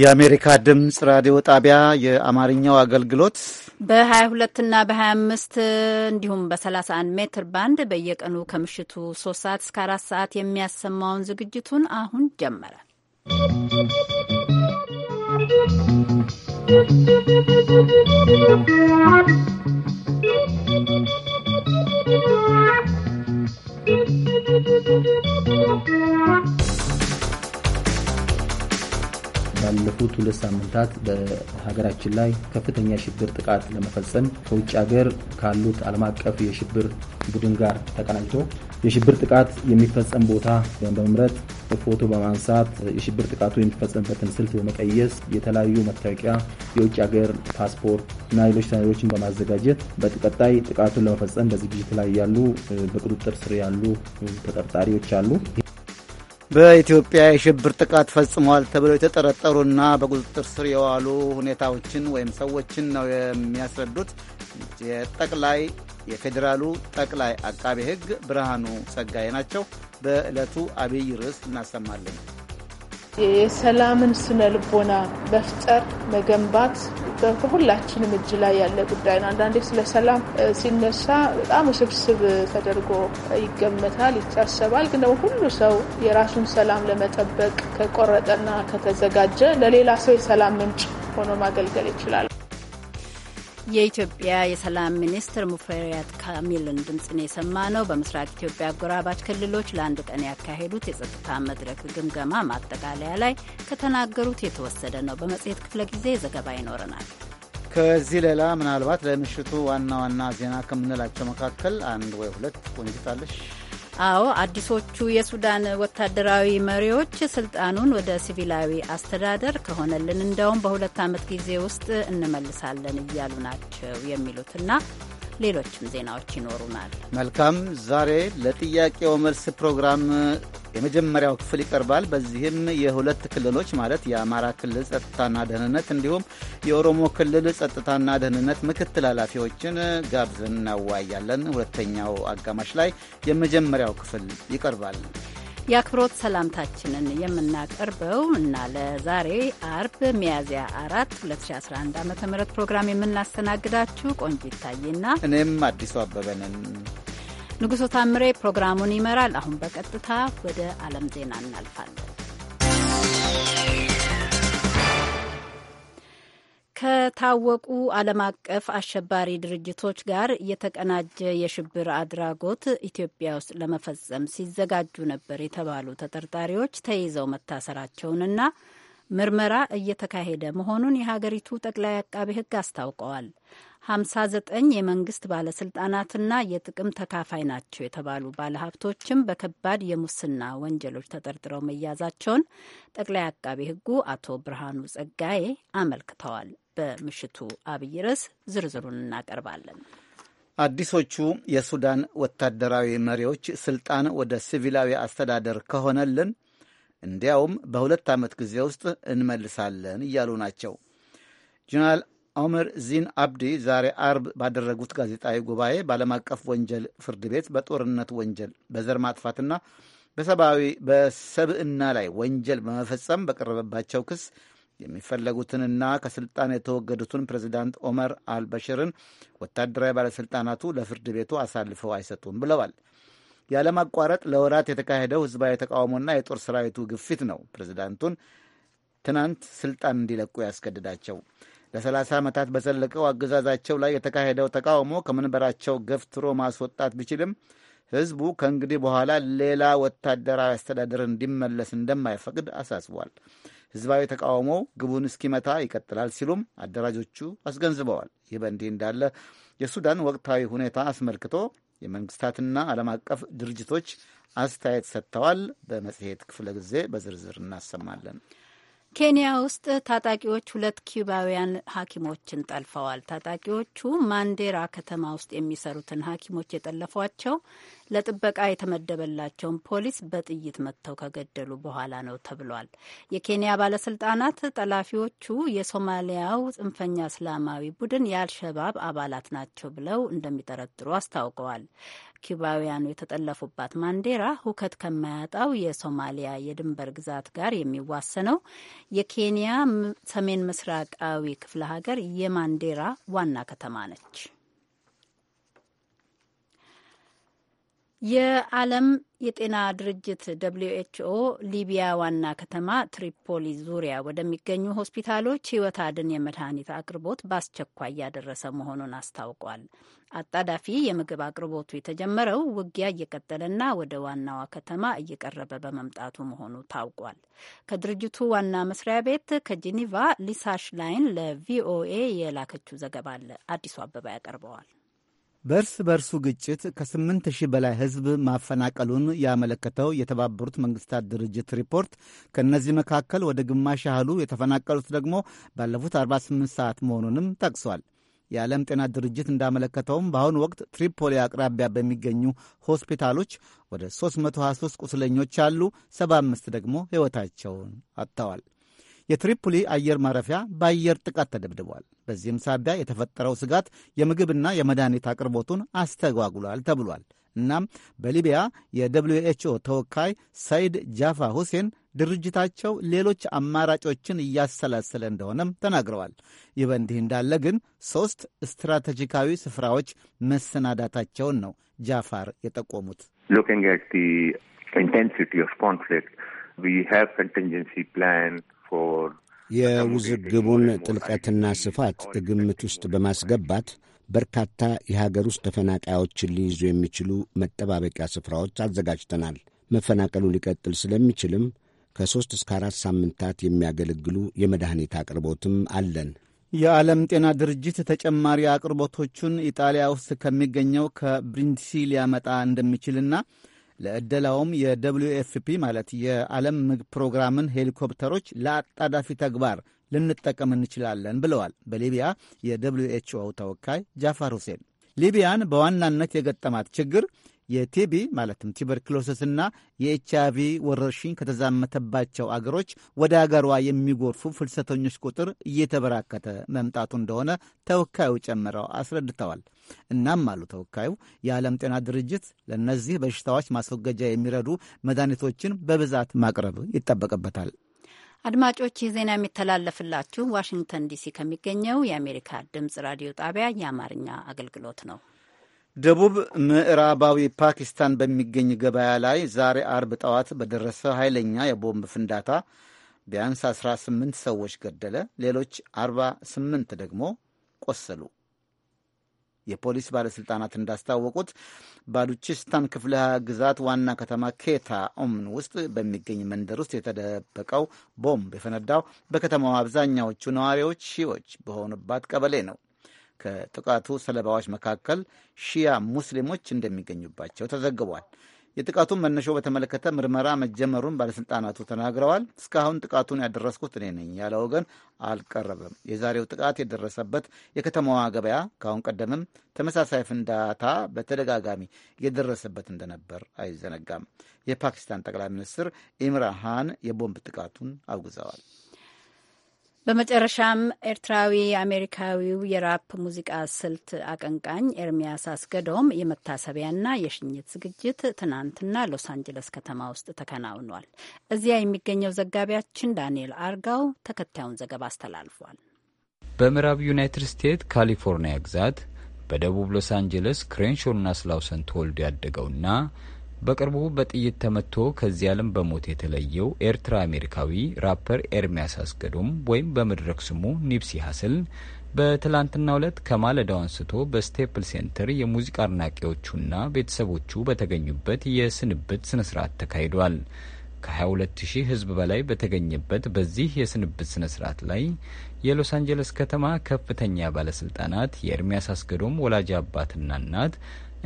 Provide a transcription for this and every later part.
የአሜሪካ ድምፅ ራዲዮ ጣቢያ የአማርኛው አገልግሎት በ22 እና በ25 እንዲሁም በ31 ሜትር ባንድ በየቀኑ ከምሽቱ 3 ሰዓት እስከ 4 ሰዓት የሚያሰማውን ዝግጅቱን አሁን ጀመረ። ¶¶ ባለፉት ሁለት ሳምንታት በሀገራችን ላይ ከፍተኛ የሽብር ጥቃት ለመፈጸም ከውጭ ሀገር ካሉት ዓለም አቀፍ የሽብር ቡድን ጋር ተቀናጅቶ የሽብር ጥቃት የሚፈጸም ቦታ በመምረጥ ፎቶ በማንሳት የሽብር ጥቃቱ የሚፈጸምበትን ስልት በመቀየስ የተለያዩ መታወቂያ፣ የውጭ ሀገር ፓስፖርት እና ሌሎች ሰነዶችን በማዘጋጀት በቀጣይ ጥቃቱን ለመፈጸም በዝግጅት ላይ ያሉ በቁጥጥር ስር ያሉ ተጠርጣሪዎች አሉ። በኢትዮጵያ የሽብር ጥቃት ፈጽሟል ተብለው የተጠረጠሩና በቁጥጥር ስር የዋሉ ሁኔታዎችን ወይም ሰዎችን ነው የሚያስረዱት የጠቅላይ የፌዴራሉ ጠቅላይ አቃቤ ሕግ ብርሃኑ ጸጋዬ ናቸው። በዕለቱ አብይ ርዕስ እናሰማለን። የሰላምን ስነ ልቦና መፍጠር መገንባት በሁላችንም እጅ ላይ ያለ ጉዳይ ነው። አንዳንዴ ስለ ሰላም ሲነሳ በጣም ውስብስብ ተደርጎ ይገመታል፣ ይታሰባል። ግን ደግሞ ሁሉ ሰው የራሱን ሰላም ለመጠበቅ ከቆረጠና ከተዘጋጀ ለሌላ ሰው የሰላም ምንጭ ሆኖ ማገልገል ይችላል። የኢትዮጵያ የሰላም ሚኒስትር ሙፈሪያት ካሚልን ድምፅን የሰማ ነው። በምስራቅ ኢትዮጵያ አጎራባች ክልሎች ለአንድ ቀን ያካሄዱት የጸጥታ መድረክ ግምገማ ማጠቃለያ ላይ ከተናገሩት የተወሰደ ነው። በመጽሔት ክፍለ ጊዜ ዘገባ ይኖረናል። ከዚህ ሌላ ምናልባት ለምሽቱ ዋና ዋና ዜና ከምንላቸው መካከል አንድ ወይ ሁለት ቆንጅታለሽ አዎ አዲሶቹ የሱዳን ወታደራዊ መሪዎች ስልጣኑን ወደ ሲቪላዊ አስተዳደር ከሆነልን እንደውም በሁለት ዓመት ጊዜ ውስጥ እንመልሳለን እያሉ ናቸው የሚሉትና ሌሎችም ዜናዎች ይኖሩናል። መልካም። ዛሬ ለጥያቄው መልስ ፕሮግራም የመጀመሪያው ክፍል ይቀርባል። በዚህም የሁለት ክልሎች ማለት የአማራ ክልል ጸጥታና ደህንነት እንዲሁም የኦሮሞ ክልል ጸጥታና ደህንነት ምክትል ኃላፊዎችን ጋብዘን እናወያያለን። ሁለተኛው አጋማሽ ላይ የመጀመሪያው ክፍል ይቀርባል። የአክብሮት ሰላምታችንን የምናቀርበው እና ለዛሬ አርብ ሚያዝያ አራት 2011 ዓ ም ፕሮግራም የምናስተናግዳችሁ ቆንጂት ይታይና እኔም አዲሱ አበበንን። ንጉሶ ታምሬ ፕሮግራሙን ይመራል። አሁን በቀጥታ ወደ ዓለም ዜና እናልፋለን። ከታወቁ ዓለም አቀፍ አሸባሪ ድርጅቶች ጋር የተቀናጀ የሽብር አድራጎት ኢትዮጵያ ውስጥ ለመፈጸም ሲዘጋጁ ነበር የተባሉ ተጠርጣሪዎች ተይዘው መታሰራቸውንና ምርመራ እየተካሄደ መሆኑን የሀገሪቱ ጠቅላይ አቃቤ ሕግ አስታውቀዋል። 59 የመንግስት ባለስልጣናትና የጥቅም ተካፋይ ናቸው የተባሉ ባለሀብቶችም በከባድ የሙስና ወንጀሎች ተጠርጥረው መያዛቸውን ጠቅላይ አቃቤ ሕጉ አቶ ብርሃኑ ጸጋዬ አመልክተዋል። በምሽቱ አብይ ርዕስ ዝርዝሩን እናቀርባለን። አዲሶቹ የሱዳን ወታደራዊ መሪዎች ስልጣን ወደ ሲቪላዊ አስተዳደር ከሆነልን እንዲያውም በሁለት ዓመት ጊዜ ውስጥ እንመልሳለን እያሉ ናቸው። ጀነራል ኦመር ዚን አብዲ ዛሬ አርብ ባደረጉት ጋዜጣዊ ጉባኤ በዓለም አቀፍ ወንጀል ፍርድ ቤት በጦርነት ወንጀል በዘር ማጥፋትና በሰብአዊ በሰብዕና ላይ ወንጀል በመፈጸም በቀረበባቸው ክስ የሚፈለጉትንና ከስልጣን የተወገዱትን ፕሬዚዳንት ኦመር አልበሽርን ወታደራዊ ባለሥልጣናቱ ለፍርድ ቤቱ አሳልፈው አይሰጡም ብለዋል። ያለማቋረጥ ለወራት የተካሄደው ህዝባዊ ተቃውሞና የጦር ሰራዊቱ ግፊት ነው ፕሬዚዳንቱን ትናንት ስልጣን እንዲለቁ ያስገድዳቸው። ለሰላሳ ዓመታት በዘለቀው አገዛዛቸው ላይ የተካሄደው ተቃውሞ ከመንበራቸው ገፍትሮ ማስወጣት ቢችልም ህዝቡ ከእንግዲህ በኋላ ሌላ ወታደራዊ አስተዳደር እንዲመለስ እንደማይፈቅድ አሳስቧል። ህዝባዊ ተቃውሞው ግቡን እስኪመታ ይቀጥላል ሲሉም አደራጆቹ አስገንዝበዋል። ይህ በእንዲህ እንዳለ የሱዳን ወቅታዊ ሁኔታ አስመልክቶ የመንግስታትና ዓለም አቀፍ ድርጅቶች አስተያየት ሰጥተዋል። በመጽሔት ክፍለ ጊዜ በዝርዝር እናሰማለን። ኬንያ ውስጥ ታጣቂዎች ሁለት ኪዩባውያን ሐኪሞችን ጠልፈዋል። ታጣቂዎቹ ማንዴራ ከተማ ውስጥ የሚሰሩትን ሐኪሞች የጠለፏቸው ለጥበቃ የተመደበላቸውን ፖሊስ በጥይት መጥተው ከገደሉ በኋላ ነው ተብሏል። የኬንያ ባለስልጣናት ጠላፊዎቹ የሶማሊያው ጽንፈኛ እስላማዊ ቡድን የአልሸባብ አባላት ናቸው ብለው እንደሚጠረጥሩ አስታውቀዋል። ኪባውያኑ የተጠለፉባት ማንዴራ ሁከት ከማያጣው የሶማሊያ የድንበር ግዛት ጋር የሚዋሰነው የኬንያ ሰሜን ምስራቃዊ ክፍለ ሀገር የማንዴራ ዋና ከተማ ነች። የዓለም የጤና ድርጅት ደብልዩ ኤችኦ ሊቢያ ዋና ከተማ ትሪፖሊ ዙሪያ ወደሚገኙ ሆስፒታሎች ሕይወት አድን የመድኃኒት አቅርቦት በአስቸኳይ እያደረሰ መሆኑን አስታውቋል። አጣዳፊ የምግብ አቅርቦቱ የተጀመረው ውጊያ እየቀጠለና ወደ ዋናዋ ከተማ እየቀረበ በመምጣቱ መሆኑ ታውቋል። ከድርጅቱ ዋና መስሪያ ቤት ከጄኔቫ ሊሳሽ ላይን ለቪኦኤ የላከችው ዘገባ አለ። አዲሱ አበባ ያቀርበዋል። በእርስ በርሱ ግጭት ከ8 ሺህ በላይ ሕዝብ ማፈናቀሉን ያመለከተው የተባበሩት መንግስታት ድርጅት ሪፖርት ከእነዚህ መካከል ወደ ግማሽ ያህሉ የተፈናቀሉት ደግሞ ባለፉት 48 ሰዓት መሆኑንም ጠቅሷል። የዓለም ጤና ድርጅት እንዳመለከተውም በአሁኑ ወቅት ትሪፖሊ አቅራቢያ በሚገኙ ሆስፒታሎች ወደ 323 ቁስለኞች አሉ፣ 75 ደግሞ ሕይወታቸውን አጥተዋል። የትሪፖሊ አየር ማረፊያ በአየር ጥቃት ተደብድቧል። በዚህም ሳቢያ የተፈጠረው ስጋት የምግብና የመድኃኒት አቅርቦቱን አስተጓጉሏል ተብሏል። እናም በሊቢያ የደብሊዩ ኤችኦ ተወካይ ሰይድ ጃፋ ሁሴን ድርጅታቸው ሌሎች አማራጮችን እያሰላሰለ እንደሆነም ተናግረዋል። ይህ በእንዲህ እንዳለ ግን ሦስት ስትራቴጂካዊ ስፍራዎች መሰናዳታቸውን ነው ጃፋር የጠቆሙት። ኢንቴንሲቲ ኦፍ ኮንፍሊክት ዊ ሃቭ ኮንቲንጀንሲ ፕላን የውዝግቡን ጥልቀትና ስፋት ግምት ውስጥ በማስገባት በርካታ የሀገር ውስጥ ተፈናቃዮችን ሊይዙ የሚችሉ መጠባበቂያ ስፍራዎች አዘጋጅተናል። መፈናቀሉ ሊቀጥል ስለሚችልም ከሦስት እስከ አራት ሳምንታት የሚያገለግሉ የመድኃኒት አቅርቦትም አለን። የዓለም ጤና ድርጅት ተጨማሪ አቅርቦቶቹን ኢጣሊያ ውስጥ ከሚገኘው ከብሪንዲሲ ሊያመጣ እንደሚችልና ለዕደላውም የደብልዩ ኤፍፒ ማለት የዓለም ምግብ ፕሮግራምን ሄሊኮፕተሮች ለአጣዳፊ ተግባር ልንጠቀም እንችላለን ብለዋል በሊቢያ የደብልዩ ኤችኦ ተወካይ ጃፋር ሁሴን። ሊቢያን በዋናነት የገጠማት ችግር የቲቢ ማለትም የኤች አይቪ ወረርሽኝ ከተዛመተባቸው አገሮች ወደ አገሯ የሚጎርፉ ፍልሰተኞች ቁጥር እየተበራከተ መምጣቱ እንደሆነ ተወካዩ ጨምረው አስረድተዋል። እናም አሉ ተወካዩ፣ የዓለም ጤና ድርጅት ለእነዚህ በሽታዎች ማስወገጃ የሚረዱ መድኃኒቶችን በብዛት ማቅረብ ይጠበቅበታል። አድማጮች ይህ ዜና የሚተላለፍላችሁ ዋሽንግተን ዲሲ ከሚገኘው የአሜሪካ ድምጽ ራዲዮ ጣቢያ የአማርኛ አገልግሎት ነው። ደቡብ ምዕራባዊ ፓኪስታን በሚገኝ ገበያ ላይ ዛሬ አርብ ጠዋት በደረሰ ኃይለኛ የቦምብ ፍንዳታ ቢያንስ 18 ሰዎች ገደለ፣ ሌሎች 48 ደግሞ ቆሰሉ። የፖሊስ ባለሥልጣናት እንዳስታወቁት ባሉቺስታን ክፍለ ግዛት ዋና ከተማ ኬታ ኦምን ውስጥ በሚገኝ መንደር ውስጥ የተደበቀው ቦምብ የፈነዳው በከተማው አብዛኛዎቹ ነዋሪዎች ሺዎች በሆኑባት ቀበሌ ነው። ከጥቃቱ ሰለባዎች መካከል ሺያ ሙስሊሞች እንደሚገኙባቸው ተዘግቧል። የጥቃቱን መነሾ በተመለከተ ምርመራ መጀመሩን ባለሥልጣናቱ ተናግረዋል። እስካሁን ጥቃቱን ያደረስኩት እኔ ነኝ ያለ ወገን አልቀረበም። የዛሬው ጥቃት የደረሰበት የከተማዋ ገበያ ከአሁን ቀደምም ተመሳሳይ ፍንዳታ በተደጋጋሚ የደረሰበት እንደነበር አይዘነጋም። የፓኪስታን ጠቅላይ ሚኒስትር ኢምራን ሃን የቦምብ ጥቃቱን አውግዘዋል። በመጨረሻም ኤርትራዊ አሜሪካዊው የራፕ ሙዚቃ ስልት አቀንቃኝ ኤርሚያስ አስገዶም የመታሰቢያና የሽኝት ዝግጅት ትናንትና ሎስ አንጀለስ ከተማ ውስጥ ተከናውኗል። እዚያ የሚገኘው ዘጋቢያችን ዳንኤል አርጋው ተከታዩን ዘገባ አስተላልፏል። በምዕራብ ዩናይትድ ስቴትስ ካሊፎርኒያ ግዛት በደቡብ ሎስ አንጀለስ ክሬንሾና ስላውሰን ተወልዶ ያደገውና በቅርቡ በጥይት ተመቶ ከዚህ ዓለም በሞት የተለየው ኤርትራ አሜሪካዊ ራፐር ኤርሚያስ አስገዶም ወይም በመድረክ ስሙ ኒፕሲ ሀስል በትላንትናው ዕለት ከማለዳው አንስቶ በስቴፕል ሴንተር የሙዚቃ አድናቂዎቹና ቤተሰቦቹ በተገኙበት የስንብት ስነ ስርዓት ተካሂዷል። ከ22 ሺህ በላይ በተገኘበት በዚህ የስንብት ስነ ስርዓት ላይ የሎስ አንጀለስ ከተማ ከፍተኛ ባለስልጣናት፣ የኤርሚያስ አስገዶም ወላጅ አባትና እናት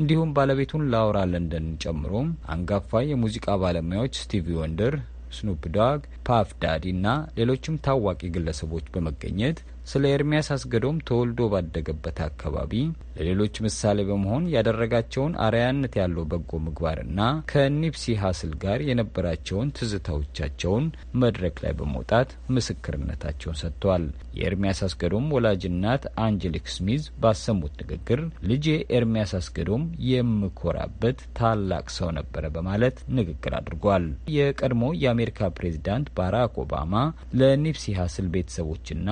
እንዲሁም ባለቤቱን ላውራ ለንደን ጨምሮ አንጋፋ የሙዚቃ ባለሙያዎች ስቲቪ ወንደር፣ ስኑፕ ዳግ፣ ፓፍ ዳዲ እና ሌሎችም ታዋቂ ግለሰቦች በመገኘት ስለ ኤርሚያስ አስገዶም ተወልዶ ባደገበት አካባቢ ለሌሎች ምሳሌ በመሆን ያደረጋቸውን አርያነት ያለው በጎ ምግባርና ከኒፕሲ ሀስል ጋር የነበራቸውን ትዝታዎቻቸውን መድረክ ላይ በመውጣት ምስክርነታቸውን ሰጥተዋል። የኤርሚያስ አስገዶም ወላጅናት አንጀሊክ ስሚዝ ባሰሙት ንግግር ልጄ ኤርሚያስ አስገዶም የምኮራበት ታላቅ ሰው ነበረ በማለት ንግግር አድርጓል። የቀድሞ የአሜሪካ ፕሬዚዳንት ባራክ ኦባማ ለኒፕሲ ሀስል ቤተሰቦችና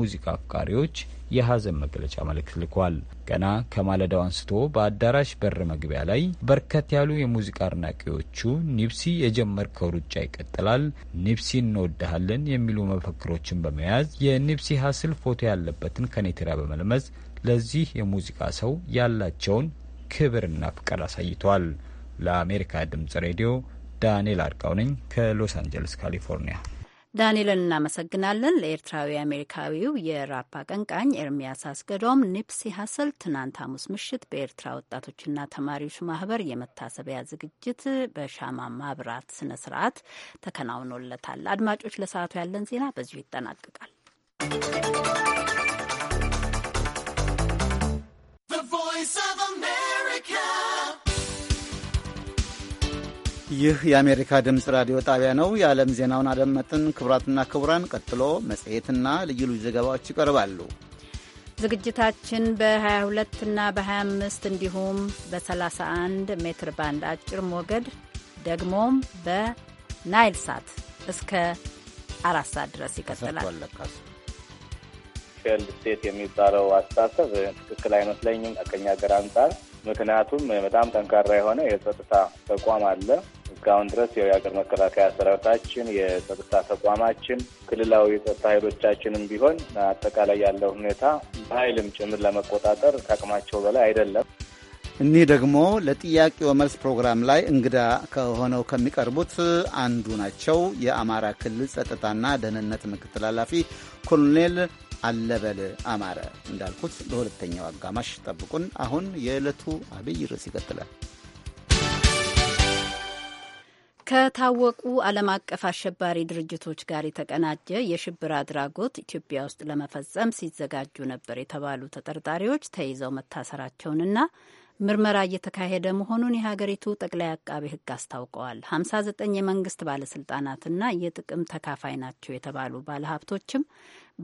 የሙዚቃ አፍቃሪዎች የሀዘን መግለጫ መልእክት ልኳል። ገና ከማለዳው አንስቶ በአዳራሽ በር መግቢያ ላይ በርከት ያሉ የሙዚቃ አድናቂዎቹ ኒፕሲ የጀመርከው ሩጫ ይቀጥላል፣ ኒፕሲ እንወድሃለን የሚሉ መፈክሮችን በመያዝ የኒፕሲ ሀስል ፎቶ ያለበትን ከኔትራ በመልመዝ ለዚህ የሙዚቃ ሰው ያላቸውን ክብርና ፍቅር አሳይቷል። ለአሜሪካ ድምጽ ሬዲዮ ዳንኤል አርቃው ነኝ ከሎስ አንጀለስ ካሊፎርኒያ። ዳንኤልን እናመሰግናለን። ለኤርትራዊ አሜሪካዊው የራፕ አቀንቃኝ ኤርሚያስ አስገዶም ኒፕሲ ሀሰል ትናንት ሐሙስ ምሽት በኤርትራ ወጣቶችና ተማሪዎች ማህበር የመታሰቢያ ዝግጅት በሻማ ማብራት ስነ ስርዓት ተከናውኖለታል። አድማጮች፣ ለሰዓቱ ያለን ዜና በዚሁ ይጠናቀቃል። voice ይህ የአሜሪካ ድምፅ ራዲዮ ጣቢያ ነው። የዓለም ዜናውን አደመጥን። ክቡራትና ክቡራን፣ ቀጥሎ መጽሔትና ልዩ ልዩ ዘገባዎች ይቀርባሉ። ዝግጅታችን በ22 እና በ25 እንዲሁም በ31 ሜትር ባንድ አጭር ሞገድ ደግሞም በናይል ሳት እስከ አራት ሰዓት ድረስ ይቀጥላል። ፌልድ ስቴት የሚባለው አስተሳሰብ ትክክል አይመስለኝም ከኛ ሀገር አንጻር ምክንያቱም በጣም ጠንካራ የሆነ የጸጥታ ተቋም አለ። እስካሁን ድረስ የሀገር መከላከያ ሰራዊታችን፣ የጸጥታ ተቋማችን፣ ክልላዊ የጸጥታ ኃይሎቻችንም ቢሆን አጠቃላይ ያለው ሁኔታ በኃይልም ጭምር ለመቆጣጠር ከአቅማቸው በላይ አይደለም። እኒህ ደግሞ ለጥያቄው መልስ ፕሮግራም ላይ እንግዳ ከሆነው ከሚቀርቡት አንዱ ናቸው። የአማራ ክልል ጸጥታና ደህንነት ምክትል ኃላፊ ኮሎኔል አለበል አማረ። እንዳልኩት በሁለተኛው አጋማሽ ጠብቁን። አሁን የዕለቱ አብይ ርዕስ ይቀጥላል። ከታወቁ ዓለም አቀፍ አሸባሪ ድርጅቶች ጋር የተቀናጀ የሽብር አድራጎት ኢትዮጵያ ውስጥ ለመፈጸም ሲዘጋጁ ነበር የተባሉ ተጠርጣሪዎች ተይዘው መታሰራቸውንና ምርመራ እየተካሄደ መሆኑን የሀገሪቱ ጠቅላይ አቃቤ ሕግ አስታውቀዋል። 59 የመንግስት ባለስልጣናትና የጥቅም ተካፋይ ናቸው የተባሉ ባለሀብቶችም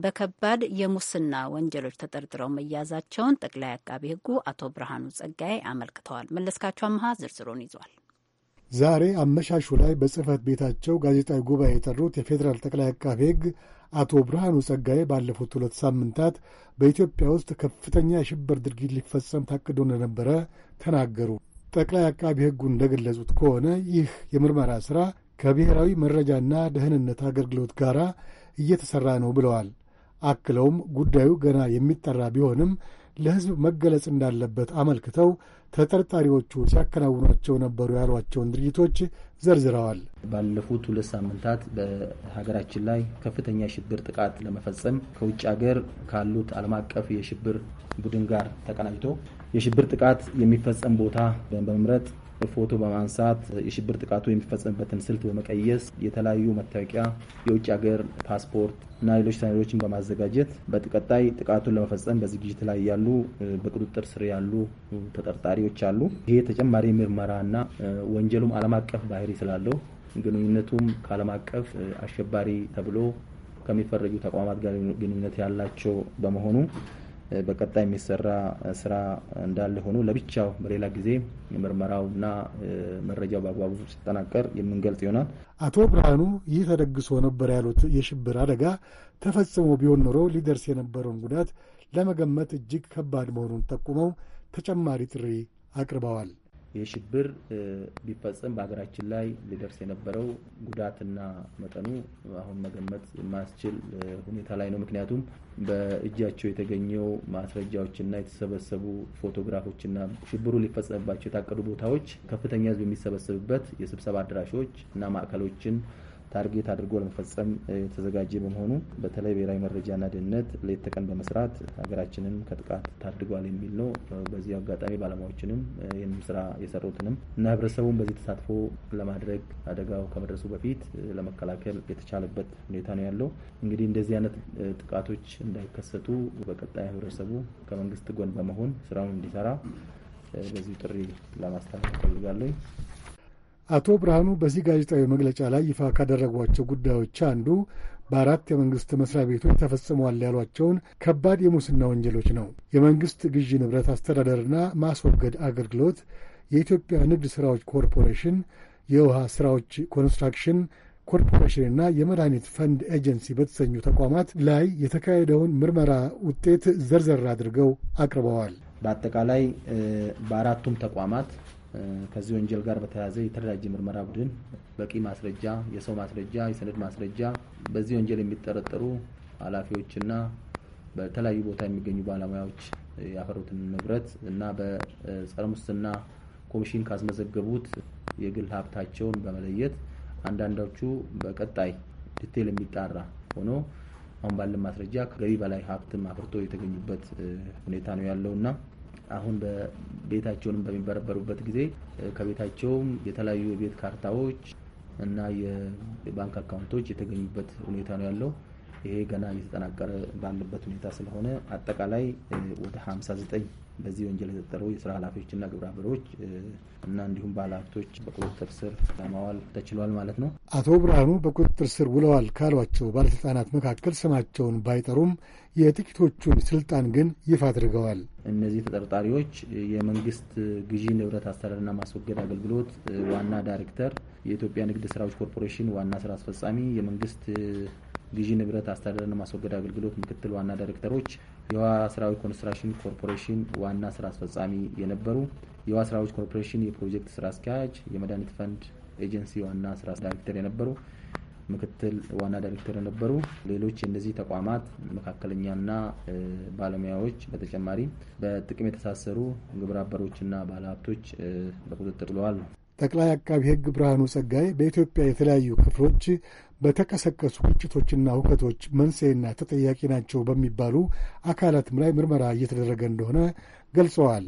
በከባድ የሙስና ወንጀሎች ተጠርጥረው መያዛቸውን ጠቅላይ አቃቤ ሕጉ አቶ ብርሃኑ ጸጋዬ አመልክተዋል። መለስካቸው አመሀ ዝርዝሩን ይዟል። ዛሬ አመሻሹ ላይ በጽህፈት ቤታቸው ጋዜጣዊ ጉባኤ የጠሩት የፌዴራል ጠቅላይ አቃቤ ሕግ አቶ ብርሃኑ ጸጋዬ ባለፉት ሁለት ሳምንታት በኢትዮጵያ ውስጥ ከፍተኛ የሽብር ድርጊት ሊፈጸም ታቅዶ እንደነበረ ተናገሩ። ጠቅላይ አቃቢ ሕጉ እንደገለጹት ከሆነ ይህ የምርመራ ሥራ ከብሔራዊ መረጃና ደህንነት አገልግሎት ጋር እየተሠራ ነው ብለዋል። አክለውም ጉዳዩ ገና የሚጠራ ቢሆንም ለሕዝብ መገለጽ እንዳለበት አመልክተው ተጠርጣሪዎቹ ሲያከናውኗቸው ነበሩ ያሏቸውን ድርጊቶች ዘርዝረዋል። ባለፉት ሁለት ሳምንታት በሀገራችን ላይ ከፍተኛ የሽብር ጥቃት ለመፈጸም ከውጭ ሀገር ካሉት ዓለም አቀፍ የሽብር ቡድን ጋር ተቀናጅቶ የሽብር ጥቃት የሚፈጸም ቦታ በመምረጥ ፎቶ በማንሳት የሽብር ጥቃቱ የሚፈጸምበትን ስልት በመቀየስ የተለያዩ መታወቂያ፣ የውጭ ሀገር ፓስፖርት እና ሌሎች ሰነዶችን በማዘጋጀት በቀጣይ ጥቃቱን ለመፈጸም በዝግጅት ላይ ያሉ በቁጥጥር ስር ያሉ ተጠርጣሪዎች አሉ። ይሄ ተጨማሪ ምርመራ እና ወንጀሉም ዓለም አቀፍ ባህሪ ስላለው ግንኙነቱም ከዓለም አቀፍ አሸባሪ ተብሎ ከሚፈረጁ ተቋማት ጋር ግንኙነት ያላቸው በመሆኑ በቀጣይ የሚሰራ ስራ እንዳለ ሆኖ ለብቻው በሌላ ጊዜ ምርመራውና መረጃው በአግባቡ ሲጠናቀር የምንገልጽ ይሆናል። አቶ ብርሃኑ ይህ ተደግሶ ነበር ያሉት የሽብር አደጋ ተፈጽሞ ቢሆን ኖሮ ሊደርስ የነበረውን ጉዳት ለመገመት እጅግ ከባድ መሆኑን ጠቁመው ተጨማሪ ጥሪ አቅርበዋል። የሽብር ቢፈጸም በሀገራችን ላይ ሊደርስ የነበረው ጉዳትና መጠኑ አሁን መገመት የማያስችል ሁኔታ ላይ ነው። ምክንያቱም በእጃቸው የተገኘው ማስረጃዎችና የተሰበሰቡ ፎቶግራፎችና ሽብሩ ሊፈጸምባቸው የታቀዱ ቦታዎች ከፍተኛ ሕዝብ የሚሰበሰብበት የስብሰባ አዳራሾች እና ማዕከሎችን ታርጌት አድርጎ ለመፈጸም የተዘጋጀ በመሆኑ በተለይ ብሔራዊ መረጃና ደህንነት ሌት ተቀን በመስራት ሀገራችንን ከጥቃት ታድጓል የሚል ነው። በዚህ አጋጣሚ ባለሙያዎችንም ይህንም ስራ የሰሩትንም እና ህብረተሰቡን በዚህ ተሳትፎ ለማድረግ አደጋው ከመድረሱ በፊት ለመከላከል የተቻለበት ሁኔታ ነው ያለው። እንግዲህ እንደዚህ አይነት ጥቃቶች እንዳይከሰቱ በቀጣይ ህብረተሰቡ ከመንግስት ጎን በመሆን ስራውን እንዲሰራ በዚህ ጥሪ ለማስተላለፍ ፈልጋለሁ። አቶ ብርሃኑ በዚህ ጋዜጣዊ መግለጫ ላይ ይፋ ካደረጓቸው ጉዳዮች አንዱ በአራት የመንግሥት መሥሪያ ቤቶች ተፈጽመዋል ያሏቸውን ከባድ የሙስና ወንጀሎች ነው። የመንግሥት ግዢ ንብረት አስተዳደርና ማስወገድ አገልግሎት፣ የኢትዮጵያ ንግድ ሥራዎች ኮርፖሬሽን፣ የውሃ ሥራዎች ኮንስትራክሽን ኮርፖሬሽንና የመድኃኒት ፈንድ ኤጀንሲ በተሰኙ ተቋማት ላይ የተካሄደውን ምርመራ ውጤት ዘርዘር አድርገው አቅርበዋል። በአጠቃላይ በአራቱም ተቋማት ከዚህ ወንጀል ጋር በተያያዘ የተደራጀ ምርመራ ቡድን በቂ ማስረጃ፣ የሰው ማስረጃ፣ የሰነድ ማስረጃ በዚህ ወንጀል የሚጠረጠሩ ኃላፊዎችና በተለያዩ ቦታ የሚገኙ ባለሙያዎች ያፈሩትን ንብረት እና በጸረ ሙስና ኮሚሽን ካስመዘገቡት የግል ሀብታቸውን በመለየት አንዳንዶቹ በቀጣይ ዲቴል የሚጣራ ሆኖ አሁን ባለን ማስረጃ ከገቢ በላይ ሀብትም አፍርቶ የተገኙበት ሁኔታ ነው ያለውና አሁን ቤታቸውንም በሚበረበሩበት ጊዜ ከቤታቸውም የተለያዩ የቤት ካርታዎች እና የባንክ አካውንቶች የተገኙበት ሁኔታ ነው ያለው። ይሄ ገና እየተጠናቀረ ባለበት ሁኔታ ስለሆነ አጠቃላይ ወደ 59 በዚህ ወንጀል የተጠሩ የስራ ኃላፊዎችና ግብረ አበሮች እና እንዲሁም ባለሀብቶች በቁጥጥር ስር ለማዋል ተችሏል ማለት ነው። አቶ ብርሃኑ በቁጥጥር ስር ውለዋል ካሏቸው ባለስልጣናት መካከል ስማቸውን ባይጠሩም የጥቂቶቹን ስልጣን ግን ይፋ አድርገዋል። እነዚህ ተጠርጣሪዎች የመንግስት ግዢ ንብረት አስተዳደርና ማስወገድ አገልግሎት ዋና ዳይሬክተር፣ የኢትዮጵያ ንግድ ስራዎች ኮርፖሬሽን ዋና ስራ አስፈጻሚ፣ የመንግስት ግዢ ንብረት አስተዳደርና ማስወገድ አገልግሎት ምክትል ዋና ዳይሬክተሮች፣ የውሃ ስራዎች ኮንስትራክሽን ኮርፖሬሽን ዋና ስራ አስፈጻሚ የነበሩ፣ የውሃ ስራዎች ኮርፖሬሽን የፕሮጀክት ስራ አስኪያጅ፣ የመድኃኒት ፈንድ ኤጀንሲ ዋና ስራ ዳይሬክተር የነበሩ ምክትል ዋና ዳይሬክተር የነበሩ ሌሎች የእነዚህ ተቋማት መካከለኛና ባለሙያዎች በተጨማሪ በጥቅም የተሳሰሩ ግብረ አበሮችና ባለሀብቶች በቁጥጥር ውለዋል ነው። ጠቅላይ አቃቢ ሕግ ብርሃኑ ጸጋይ በኢትዮጵያ የተለያዩ ክፍሎች በተቀሰቀሱ ግጭቶችና ሁከቶች መንስኤና ተጠያቂ ናቸው በሚባሉ አካላትም ላይ ምርመራ እየተደረገ እንደሆነ ገልጸዋል።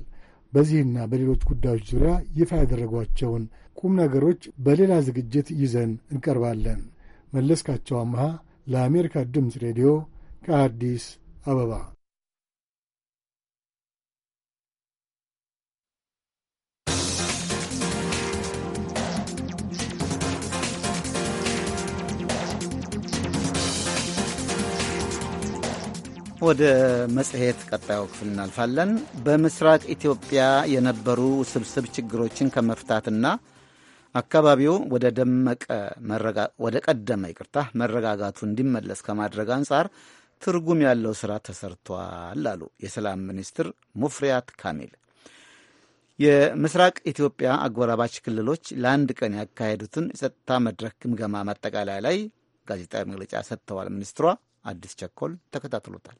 በዚህና በሌሎች ጉዳዮች ዙሪያ ይፋ ያደረጓቸውን ቁም ነገሮች በሌላ ዝግጅት ይዘን እንቀርባለን። መለስካቸው አመሃ ለአሜሪካ ድምፅ ሬዲዮ ከአዲስ አበባ ወደ መጽሔት ቀጣዩ ክፍል እናልፋለን። በምስራቅ ኢትዮጵያ የነበሩ ስብስብ ችግሮችን ከመፍታትና አካባቢው ወደ ደመቀ ወደ ቀደመ ይቅርታ መረጋጋቱ እንዲመለስ ከማድረግ አንጻር ትርጉም ያለው ስራ ተሰርቷል አሉ የሰላም ሚኒስትር ሙፍሪያት ካሚል። የምስራቅ ኢትዮጵያ አጎራባች ክልሎች ለአንድ ቀን ያካሄዱትን የጸጥታ መድረክ ግምገማ ማጠቃለያ ላይ ጋዜጣዊ መግለጫ ሰጥተዋል። ሚኒስትሯ አዲስ ቸኮል ተከታትሎታል።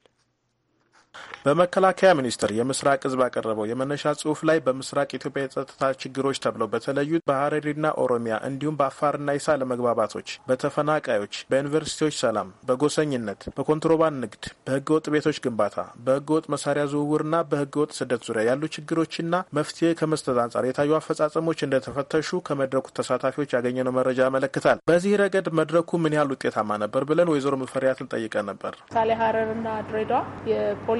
በመከላከያ ሚኒስቴር የምስራቅ ህዝብ ያቀረበው የመነሻ ጽሁፍ ላይ በምስራቅ ኢትዮጵያ የጸጥታ ችግሮች ተብለው በተለዩ በሀረሪና ኦሮሚያ እንዲሁም በአፋርና ይሳ ለመግባባቶች፣ በተፈናቃዮች፣ በዩኒቨርሲቲዎች ሰላም፣ በጎሰኝነት፣ በኮንትሮባንድ ንግድ፣ በህገወጥ ቤቶች ግንባታ፣ በህገወጥ መሳሪያ ዝውውርና ወጥ ስደት ዙሪያ ያሉ ችግሮችና መፍትሄ ከመስጠት አንጻር የታዩ አፈጻጸሞች እንደተፈተሹ ከመድረኩ ተሳታፊዎች ያገኘነው መረጃ ያመለክታል። በዚህ ረገድ መድረኩ ምን ያህል ውጤታማ ነበር ብለን ወይዘሮ ሙፈሪያትን ጠይቀን ነበር። ሳሌ ሀረርና ድሬዳዋ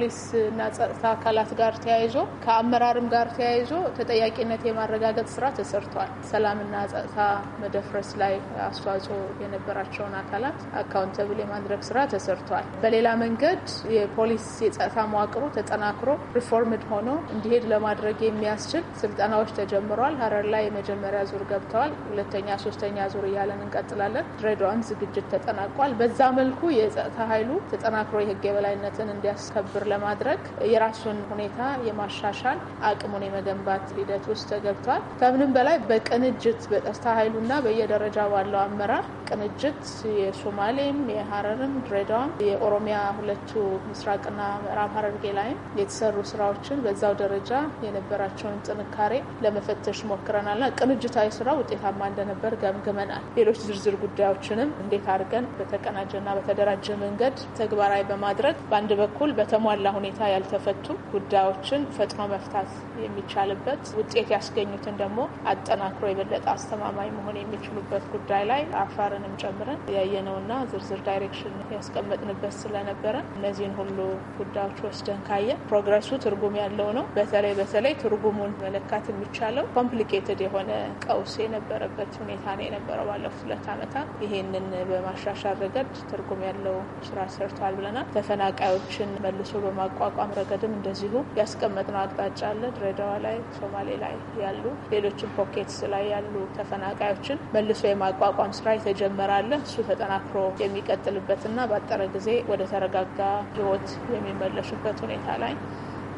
ከፖሊስ እና ጸጥታ አካላት ጋር ተያይዞ ከአመራርም ጋር ተያይዞ ተጠያቂነት የማረጋገጥ ስራ ተሰርቷል። ሰላምና ጸጥታ መደፍረስ ላይ አስተዋጽኦ የነበራቸውን አካላት አካውንተብል የማድረግ ስራ ተሰርቷል። በሌላ መንገድ የፖሊስ የጸጥታ መዋቅሩ ተጠናክሮ ሪፎርምድ ሆኖ እንዲሄድ ለማድረግ የሚያስችል ስልጠናዎች ተጀምረዋል። ሀረር ላይ የመጀመሪያ ዙር ገብተዋል። ሁለተኛ፣ ሶስተኛ ዙር እያለን እንቀጥላለን። ድሬዳዋም ዝግጅት ተጠናቋል። በዛ መልኩ የጸጥታ ኃይሉ ተጠናክሮ የህግ የበላይነትን እንዲያስከብር ለማድረግ የራሱን ሁኔታ የማሻሻል አቅሙን የመገንባት ሂደት ውስጥ ተገብቷል። ከምንም በላይ በቅንጅት በጸጥታ ኃይሉና በየደረጃ ባለው አመራር ቅንጅት የሶማሌም፣ የሀረርም፣ ድሬዳዋም፣ የኦሮሚያ ሁለቱ ምስራቅና ምዕራብ ሀረርጌ ላይም የተሰሩ ስራዎችን በዛው ደረጃ የነበራቸውን ጥንካሬ ለመፈተሽ ሞክረናልና ቅንጅታዊ ስራ ውጤታማ እንደነበር ገምግመናል። ሌሎች ዝርዝር ጉዳዮችንም እንዴት አድርገን በተቀናጀና በተደራጀ መንገድ ተግባራዊ በማድረግ በአንድ በኩል በተሟላ ሁኔታ ያልተፈቱ ጉዳዮችን ፈጥኖ መፍታት የሚቻልበት ውጤት ያስገኙትን ደግሞ አጠናክሮ የበለጠ አስተማማኝ መሆን የሚችሉበት ጉዳይ ላይ አፋር አብረንም ጨምረን ያየነውና ዝርዝር ዳይሬክሽን ያስቀመጥንበት ስለነበረ እነዚህን ሁሉ ጉዳዮች ወስደን ካየ ፕሮግረሱ ትርጉም ያለው ነው። በተለይ በተለይ ትርጉሙን መለካት የሚቻለው ኮምፕሊኬትድ የሆነ ቀውስ የነበረበት ሁኔታ ነው የነበረው ባለፉት ሁለት ዓመታት። ይሄንን በማሻሻል ረገድ ትርጉም ያለው ስራ ሰርቷል ብለናል። ተፈናቃዮችን መልሶ በማቋቋም ረገድም እንደዚሁ ያስቀመጥነው አቅጣጫ አለ። ድሬዳዋ ላይ፣ ሶማሌ ላይ ያሉ ሌሎችም ፖኬትስ ላይ ያሉ ተፈናቃዮችን መልሶ የማቋቋም ስራ የተጀመ ምርምር አለ። እሱ ተጠናክሮ የሚቀጥልበትና ባጠረ ጊዜ ወደ ተረጋጋ ህይወት የሚመለሱበት ሁኔታ ላይ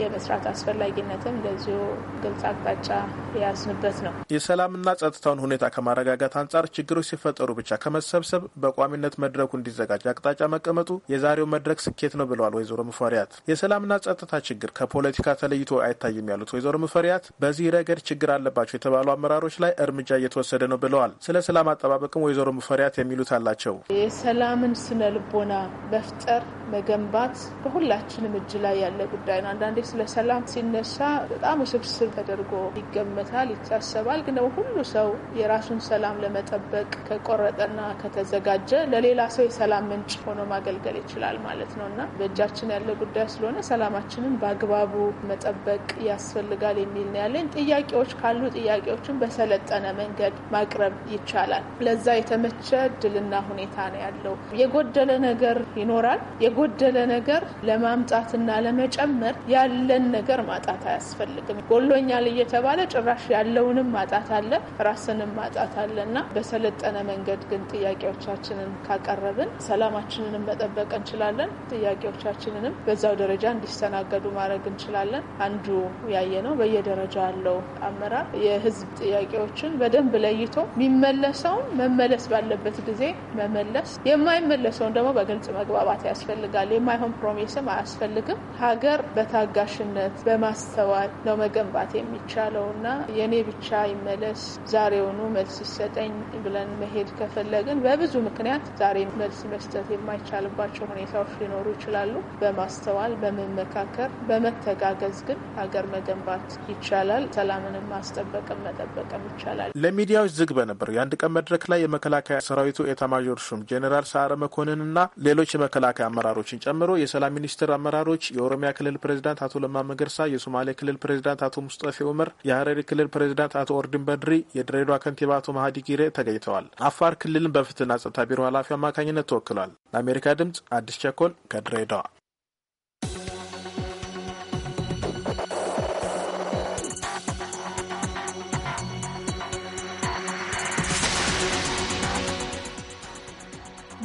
የመስራት አስፈላጊነትም ለዚሁ ግልጽ አቅጣጫ የያዝንበት ነው። የሰላምና ጸጥታውን ሁኔታ ከማረጋጋት አንጻር ችግሮች ሲፈጠሩ ብቻ ከመሰብሰብ በቋሚነት መድረኩ እንዲዘጋጅ አቅጣጫ መቀመጡ የዛሬው መድረክ ስኬት ነው ብለዋል ወይዘሮ ምፈሪያት። የሰላምና ጸጥታ ችግር ከፖለቲካ ተለይቶ አይታይም ያሉት ወይዘሮ ምፈሪያት በዚህ ረገድ ችግር አለባቸው የተባሉ አመራሮች ላይ እርምጃ እየተወሰደ ነው ብለዋል። ስለ ሰላም አጠባበቅም ወይዘሮ ምፈሪያት የሚሉት አላቸው። የሰላምን ስነ ልቦና መፍጠር መገንባት በሁላችንም እጅ ላይ ያለ ጉዳይ ነው። አንዳንዴ እንግዲህ ስለ ሰላም ሲነሳ በጣም ውስብስብ ተደርጎ ይገመታል፣ ይታሰባል። ግን ደግሞ ሁሉ ሰው የራሱን ሰላም ለመጠበቅ ከቆረጠና ከተዘጋጀ ለሌላ ሰው የሰላም ምንጭ ሆኖ ማገልገል ይችላል ማለት ነው እና በእጃችን ያለ ጉዳይ ስለሆነ ሰላማችንን በአግባቡ መጠበቅ ያስፈልጋል የሚል ነው ያለን። ጥያቄዎች ካሉ ጥያቄዎችን በሰለጠነ መንገድ ማቅረብ ይቻላል። ለዛ የተመቸ እድልና ሁኔታ ነው ያለው። የጎደለ ነገር ይኖራል። የጎደለ ነገር ለማምጣትና ለመጨመር ያለ ያለን ነገር ማጣት አያስፈልግም። ጎሎኛል እየተባለ ጭራሽ ያለውንም ማጣት አለ፣ ራስንም ማጣት አለ እና በሰለጠነ መንገድ ግን ጥያቄዎቻችንን ካቀረብን ሰላማችንንም መጠበቅ እንችላለን። ጥያቄዎቻችንንም በዛው ደረጃ እንዲስተናገዱ ማድረግ እንችላለን። አንዱ ያየ ነው በየደረጃው ያለው አመራር የህዝብ ጥያቄዎችን በደንብ ለይቶ የሚመለሰውን መመለስ ባለበት ጊዜ መመለስ፣ የማይመለሰውን ደግሞ በግልጽ መግባባት ያስፈልጋል። የማይሆን ፕሮሚስም አያስፈልግም። ሀገር በታጋ በታጋሽነት በማስተዋል ነው መገንባት የሚቻለው እና የኔ ብቻ ይመለስ ዛሬውኑ መልስ ይሰጠኝ ብለን መሄድ ከፈለግን በብዙ ምክንያት ዛሬ መልስ መስጠት የማይቻልባቸው ሁኔታዎች ሊኖሩ ይችላሉ። በማስተዋል በመመካከር፣ በመተጋገዝ ግን ሀገር መገንባት ይቻላል። ሰላምንም ማስጠበቅም መጠበቅም ይቻላል። ለሚዲያዎች ዝግ በነበር የአንድ ቀን መድረክ ላይ የመከላከያ ሰራዊቱ ኤታማዦር ሹም ጄኔራል ሰዓረ መኮንንና ሌሎች የመከላከያ አመራሮችን ጨምሮ የሰላም ሚኒስቴር አመራሮች፣ የኦሮሚያ ክልል ፕሬዚዳንት አቶ ለማ መገርሳ፣ የሶማሌ ክልል ፕሬዚዳንት አቶ ሙስጠፌ ኡመር፣ የሀረሪ ክልል ፕሬዚዳንት አቶ ኦርድን በድሪ፣ የድሬዳዋ ከንቲባ አቶ መሀዲ ጊሬ ተገኝተዋል። አፋር ክልልን በፍትህና ጸጥታ ቢሮ ኃላፊ አማካኝነት ተወክሏል። ለአሜሪካ ድምጽ አዲስ ቸኮል ከድሬዳዋ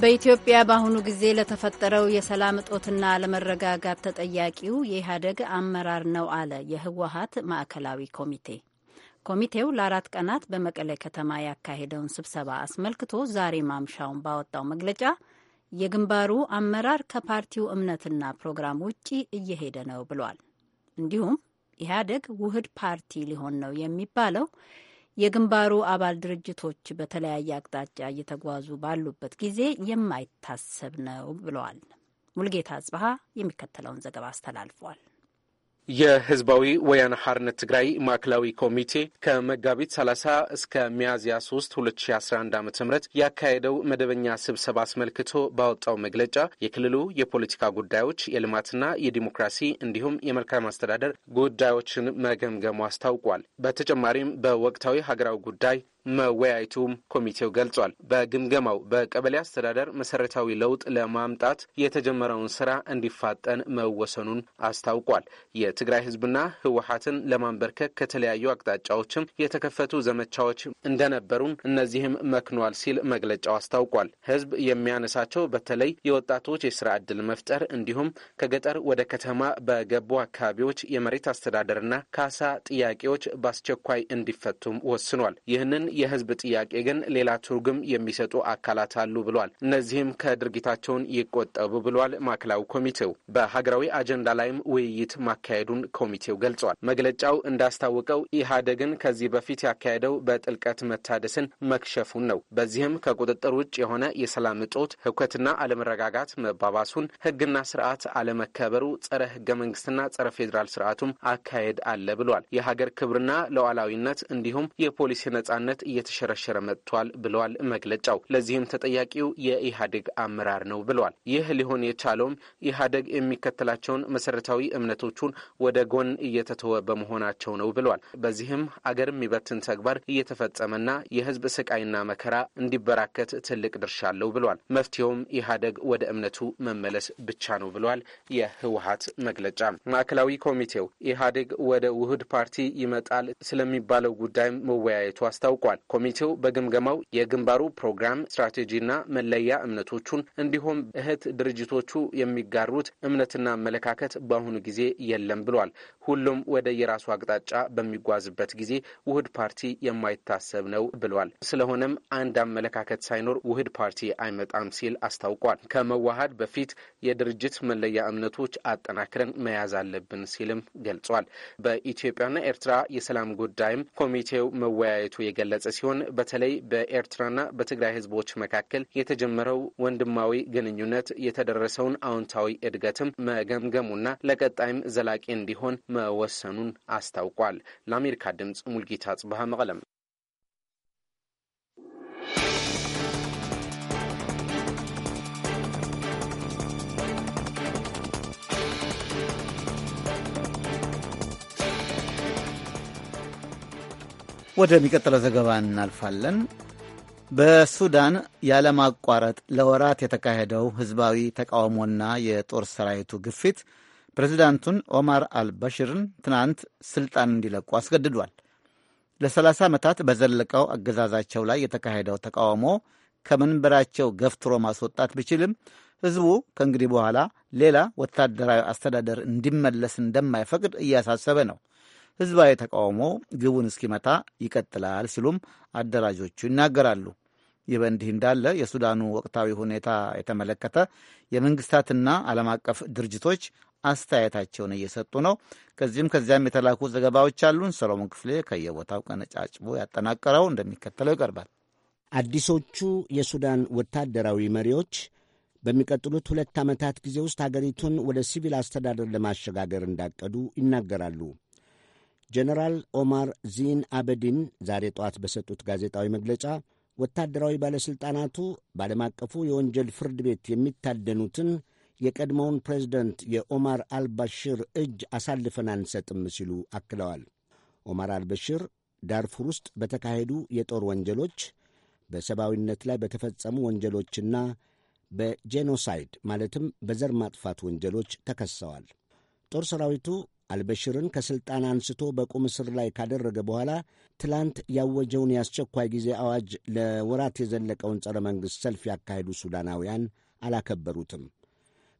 በኢትዮጵያ በአሁኑ ጊዜ ለተፈጠረው የሰላም እጦትና ለመረጋጋት ተጠያቂው የኢህአደግ አመራር ነው አለ የህወሀት ማዕከላዊ ኮሚቴ። ኮሚቴው ለአራት ቀናት በመቀሌ ከተማ ያካሄደውን ስብሰባ አስመልክቶ ዛሬ ማምሻውን ባወጣው መግለጫ የግንባሩ አመራር ከፓርቲው እምነትና ፕሮግራም ውጪ እየሄደ ነው ብሏል። እንዲሁም ኢህአደግ ውህድ ፓርቲ ሊሆን ነው የሚባለው የግንባሩ አባል ድርጅቶች በተለያየ አቅጣጫ እየተጓዙ ባሉበት ጊዜ የማይታሰብ ነው ብለዋል። ሙልጌታ አጽበሃ የሚከተለውን ዘገባ አስተላልፏል። የህዝባዊ ወያነ ሐርነት ትግራይ ማዕከላዊ ኮሚቴ ከመጋቢት 30 እስከ ሚያዝያ 3 2011 ዓ ም ያካሄደው መደበኛ ስብሰባ አስመልክቶ ባወጣው መግለጫ የክልሉ የፖለቲካ ጉዳዮች የልማትና የዲሞክራሲ እንዲሁም የመልካም አስተዳደር ጉዳዮችን መገምገሙ አስታውቋል። በተጨማሪም በወቅታዊ ሀገራዊ ጉዳይ መወያየቱም ኮሚቴው ገልጿል። በግምገማው በቀበሌ አስተዳደር መሰረታዊ ለውጥ ለማምጣት የተጀመረውን ስራ እንዲፋጠን መወሰኑን አስታውቋል። የትግራይ ህዝብና ህወሀትን ለማንበርከክ ከተለያዩ አቅጣጫዎችም የተከፈቱ ዘመቻዎች እንደነበሩን እነዚህም መክኗል ሲል መግለጫው አስታውቋል። ህዝብ የሚያነሳቸው በተለይ የወጣቶች የስራ ዕድል መፍጠር እንዲሁም ከገጠር ወደ ከተማ በገቡ አካባቢዎች የመሬት አስተዳደርና ካሳ ጥያቄዎች በአስቸኳይ እንዲፈቱም ወስኗል። ይህንን የህዝብ ጥያቄ ግን ሌላ ትርጉም የሚሰጡ አካላት አሉ ብሏል። እነዚህም ከድርጊታቸውን ይቆጠቡ ብሏል። ማዕከላዊ ኮሚቴው በሀገራዊ አጀንዳ ላይም ውይይት ማካሄዱን ኮሚቴው ገልጿል። መግለጫው እንዳስታወቀው ኢህአዴግን ከዚህ በፊት ያካሄደው በጥልቀት መታደስን መክሸፉን ነው። በዚህም ከቁጥጥር ውጭ የሆነ የሰላም እጦት፣ ህውከትና አለመረጋጋት መባባሱን፣ ህግና ስርዓት አለመከበሩ፣ ጸረ ህገ መንግስትና ጸረ ፌዴራል ስርዓቱም አካሄድ አለ ብሏል። የሀገር ክብርና ሉዓላዊነት እንዲሁም የፖሊሲ ነጻነት እየተሸረሸረ መጥቷል ብለዋል መግለጫው። ለዚህም ተጠያቂው የኢህአዴግ አመራር ነው ብለዋል። ይህ ሊሆን የቻለውም ኢህአዴግ የሚከተላቸውን መሰረታዊ እምነቶቹን ወደ ጎን እየተተወ በመሆናቸው ነው ብለዋል። በዚህም አገር የሚበትን ተግባር እየተፈጸመና የህዝብ ስቃይና መከራ እንዲበራከት ትልቅ ድርሻ አለው ብለዋል። መፍትሄውም ኢህአዴግ ወደ እምነቱ መመለስ ብቻ ነው ብለዋል። የህወሀት መግለጫ ማዕከላዊ ኮሚቴው ኢህአዴግ ወደ ውህድ ፓርቲ ይመጣል ስለሚባለው ጉዳይም መወያየቱ አስታውቋል። አስታውቋል። ኮሚቴው በግምገማው የግንባሩ ፕሮግራም ስትራቴጂና መለያ እምነቶቹን እንዲሁም እህት ድርጅቶቹ የሚጋሩት እምነትና አመለካከት በአሁኑ ጊዜ የለም ብሏል። ሁሉም ወደ የራሱ አቅጣጫ በሚጓዝበት ጊዜ ውህድ ፓርቲ የማይታሰብ ነው ብሏል። ስለሆነም አንድ አመለካከት ሳይኖር ውህድ ፓርቲ አይመጣም ሲል አስታውቋል። ከመዋሃድ በፊት የድርጅት መለያ እምነቶች አጠናክረን መያዝ አለብን ሲልም ገልጿል። በኢትዮጵያና ኤርትራ የሰላም ጉዳይም ኮሚቴው መወያየቱ የገለ የገለጸ ሲሆን በተለይ በኤርትራና በትግራይ ህዝቦች መካከል የተጀመረው ወንድማዊ ግንኙነት የተደረሰውን አዎንታዊ እድገትም መገምገሙና ለቀጣይም ዘላቂ እንዲሆን መወሰኑን አስታውቋል። ለአሜሪካ ድምጽ ሙልጌታ ጽብሃ መቀለም ወደሚቀጥለው ዘገባ እናልፋለን። በሱዳን ያለማቋረጥ ለወራት የተካሄደው ህዝባዊ ተቃውሞና የጦር ሰራዊቱ ግፊት ፕሬዚዳንቱን ኦማር አልበሽርን ትናንት ስልጣን እንዲለቁ አስገድዷል። ለ30 ዓመታት በዘለቀው አገዛዛቸው ላይ የተካሄደው ተቃውሞ ከመንበራቸው ገፍትሮ ማስወጣት ቢችልም ህዝቡ ከእንግዲህ በኋላ ሌላ ወታደራዊ አስተዳደር እንዲመለስ እንደማይፈቅድ እያሳሰበ ነው። ህዝባዊ ተቃውሞ ግቡን እስኪመታ ይቀጥላል ሲሉም አደራጆቹ ይናገራሉ። ይህ በእንዲህ እንዳለ የሱዳኑ ወቅታዊ ሁኔታ የተመለከተ የመንግስታትና ዓለም አቀፍ ድርጅቶች አስተያየታቸውን እየሰጡ ነው። ከዚህም ከዚያም የተላኩ ዘገባዎች አሉን። ሰሎሞን ክፍሌ ከየቦታው ቀነጫጭቦ ያጠናቀረው እንደሚከተለው ይቀርባል። አዲሶቹ የሱዳን ወታደራዊ መሪዎች በሚቀጥሉት ሁለት ዓመታት ጊዜ ውስጥ አገሪቱን ወደ ሲቪል አስተዳደር ለማሸጋገር እንዳቀዱ ይናገራሉ። ጀነራል ኦማር ዚን አበዲን ዛሬ ጠዋት በሰጡት ጋዜጣዊ መግለጫ ወታደራዊ ባለሥልጣናቱ በዓለም አቀፉ የወንጀል ፍርድ ቤት የሚታደኑትን የቀድሞውን ፕሬዚደንት የኦማር አልባሽር እጅ አሳልፈን አንሰጥም ሲሉ አክለዋል። ኦማር አልበሽር ዳርፉር ውስጥ በተካሄዱ የጦር ወንጀሎች፣ በሰብአዊነት ላይ በተፈጸሙ ወንጀሎችና በጄኖሳይድ ማለትም በዘር ማጥፋት ወንጀሎች ተከሰዋል። ጦር ሰራዊቱ አልበሽርን ከሥልጣን አንስቶ በቁም እስር ላይ ካደረገ በኋላ ትላንት ያወጀውን የአስቸኳይ ጊዜ አዋጅ ለወራት የዘለቀውን ጸረ መንግሥት ሰልፍ ያካሄዱ ሱዳናውያን አላከበሩትም።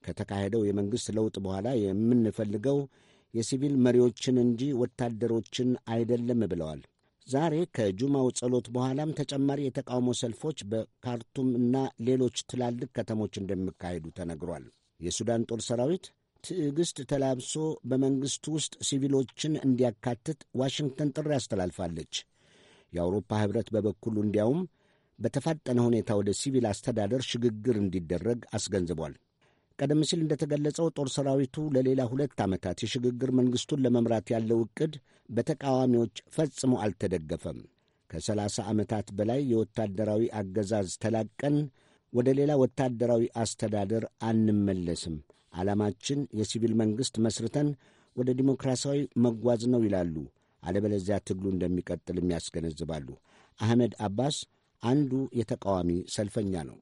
ከተካሄደው የመንግሥት ለውጥ በኋላ የምንፈልገው የሲቪል መሪዎችን እንጂ ወታደሮችን አይደለም ብለዋል። ዛሬ ከጁማው ጸሎት በኋላም ተጨማሪ የተቃውሞ ሰልፎች በካርቱም እና ሌሎች ትላልቅ ከተሞች እንደሚካሄዱ ተነግሯል። የሱዳን ጦር ሰራዊት ትዕግስት ተላብሶ በመንግሥቱ ውስጥ ሲቪሎችን እንዲያካትት ዋሽንግተን ጥሪ አስተላልፋለች። የአውሮፓ ኅብረት በበኩሉ እንዲያውም በተፋጠነ ሁኔታ ወደ ሲቪል አስተዳደር ሽግግር እንዲደረግ አስገንዝቧል። ቀደም ሲል እንደተገለጸው ጦር ሰራዊቱ ለሌላ ሁለት ዓመታት የሽግግር መንግሥቱን ለመምራት ያለው ዕቅድ በተቃዋሚዎች ፈጽሞ አልተደገፈም። ከሰላሳ ዓመታት በላይ የወታደራዊ አገዛዝ ተላቀን ወደ ሌላ ወታደራዊ አስተዳደር አንመለስም ዓላማችን የሲቪል መንግሥት መስርተን ወደ ዲሞክራሲያዊ መጓዝ ነው ይላሉ። አለበለዚያ ትግሉ እንደሚቀጥልም ያስገነዝባሉ። አህመድ አባስ አንዱ የተቃዋሚ ሰልፈኛ ነው።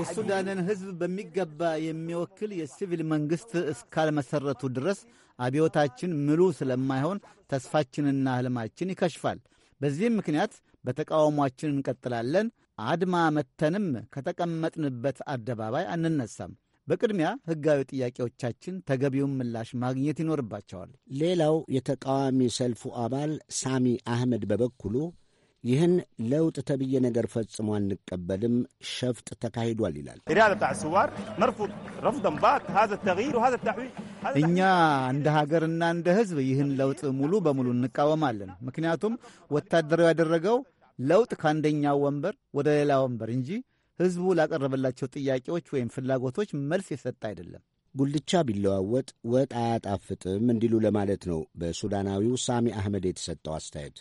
የሱዳንን ሕዝብ በሚገባ የሚወክል የሲቪል መንግሥት እስካልመሠረቱ ድረስ አብዮታችን ምሉ ስለማይሆን ተስፋችንና ሕልማችን ይከሽፋል። በዚህም ምክንያት በተቃውሟችን እንቀጥላለን። አድማ መተንም ከተቀመጥንበት አደባባይ አንነሳም። በቅድሚያ ሕጋዊ ጥያቄዎቻችን ተገቢውን ምላሽ ማግኘት ይኖርባቸዋል። ሌላው የተቃዋሚ ሰልፉ አባል ሳሚ አህመድ በበኩሉ ይህን ለውጥ ተብዬ ነገር ፈጽሞ አንቀበልም፣ ሸፍጥ ተካሂዷል ይላል። እኛ እንደ ሀገርና እንደ ሕዝብ ይህን ለውጥ ሙሉ በሙሉ እንቃወማለን። ምክንያቱም ወታደሩ ያደረገው ለውጥ ከአንደኛው ወንበር ወደ ሌላ ወንበር እንጂ ህዝቡ ላቀረበላቸው ጥያቄዎች ወይም ፍላጎቶች መልስ የሰጠ አይደለም። ጉልቻ ቢለዋወጥ ወጥ አያጣፍጥም እንዲሉ ለማለት ነው በሱዳናዊው ሳሚ አህመድ የተሰጠው አስተያየት።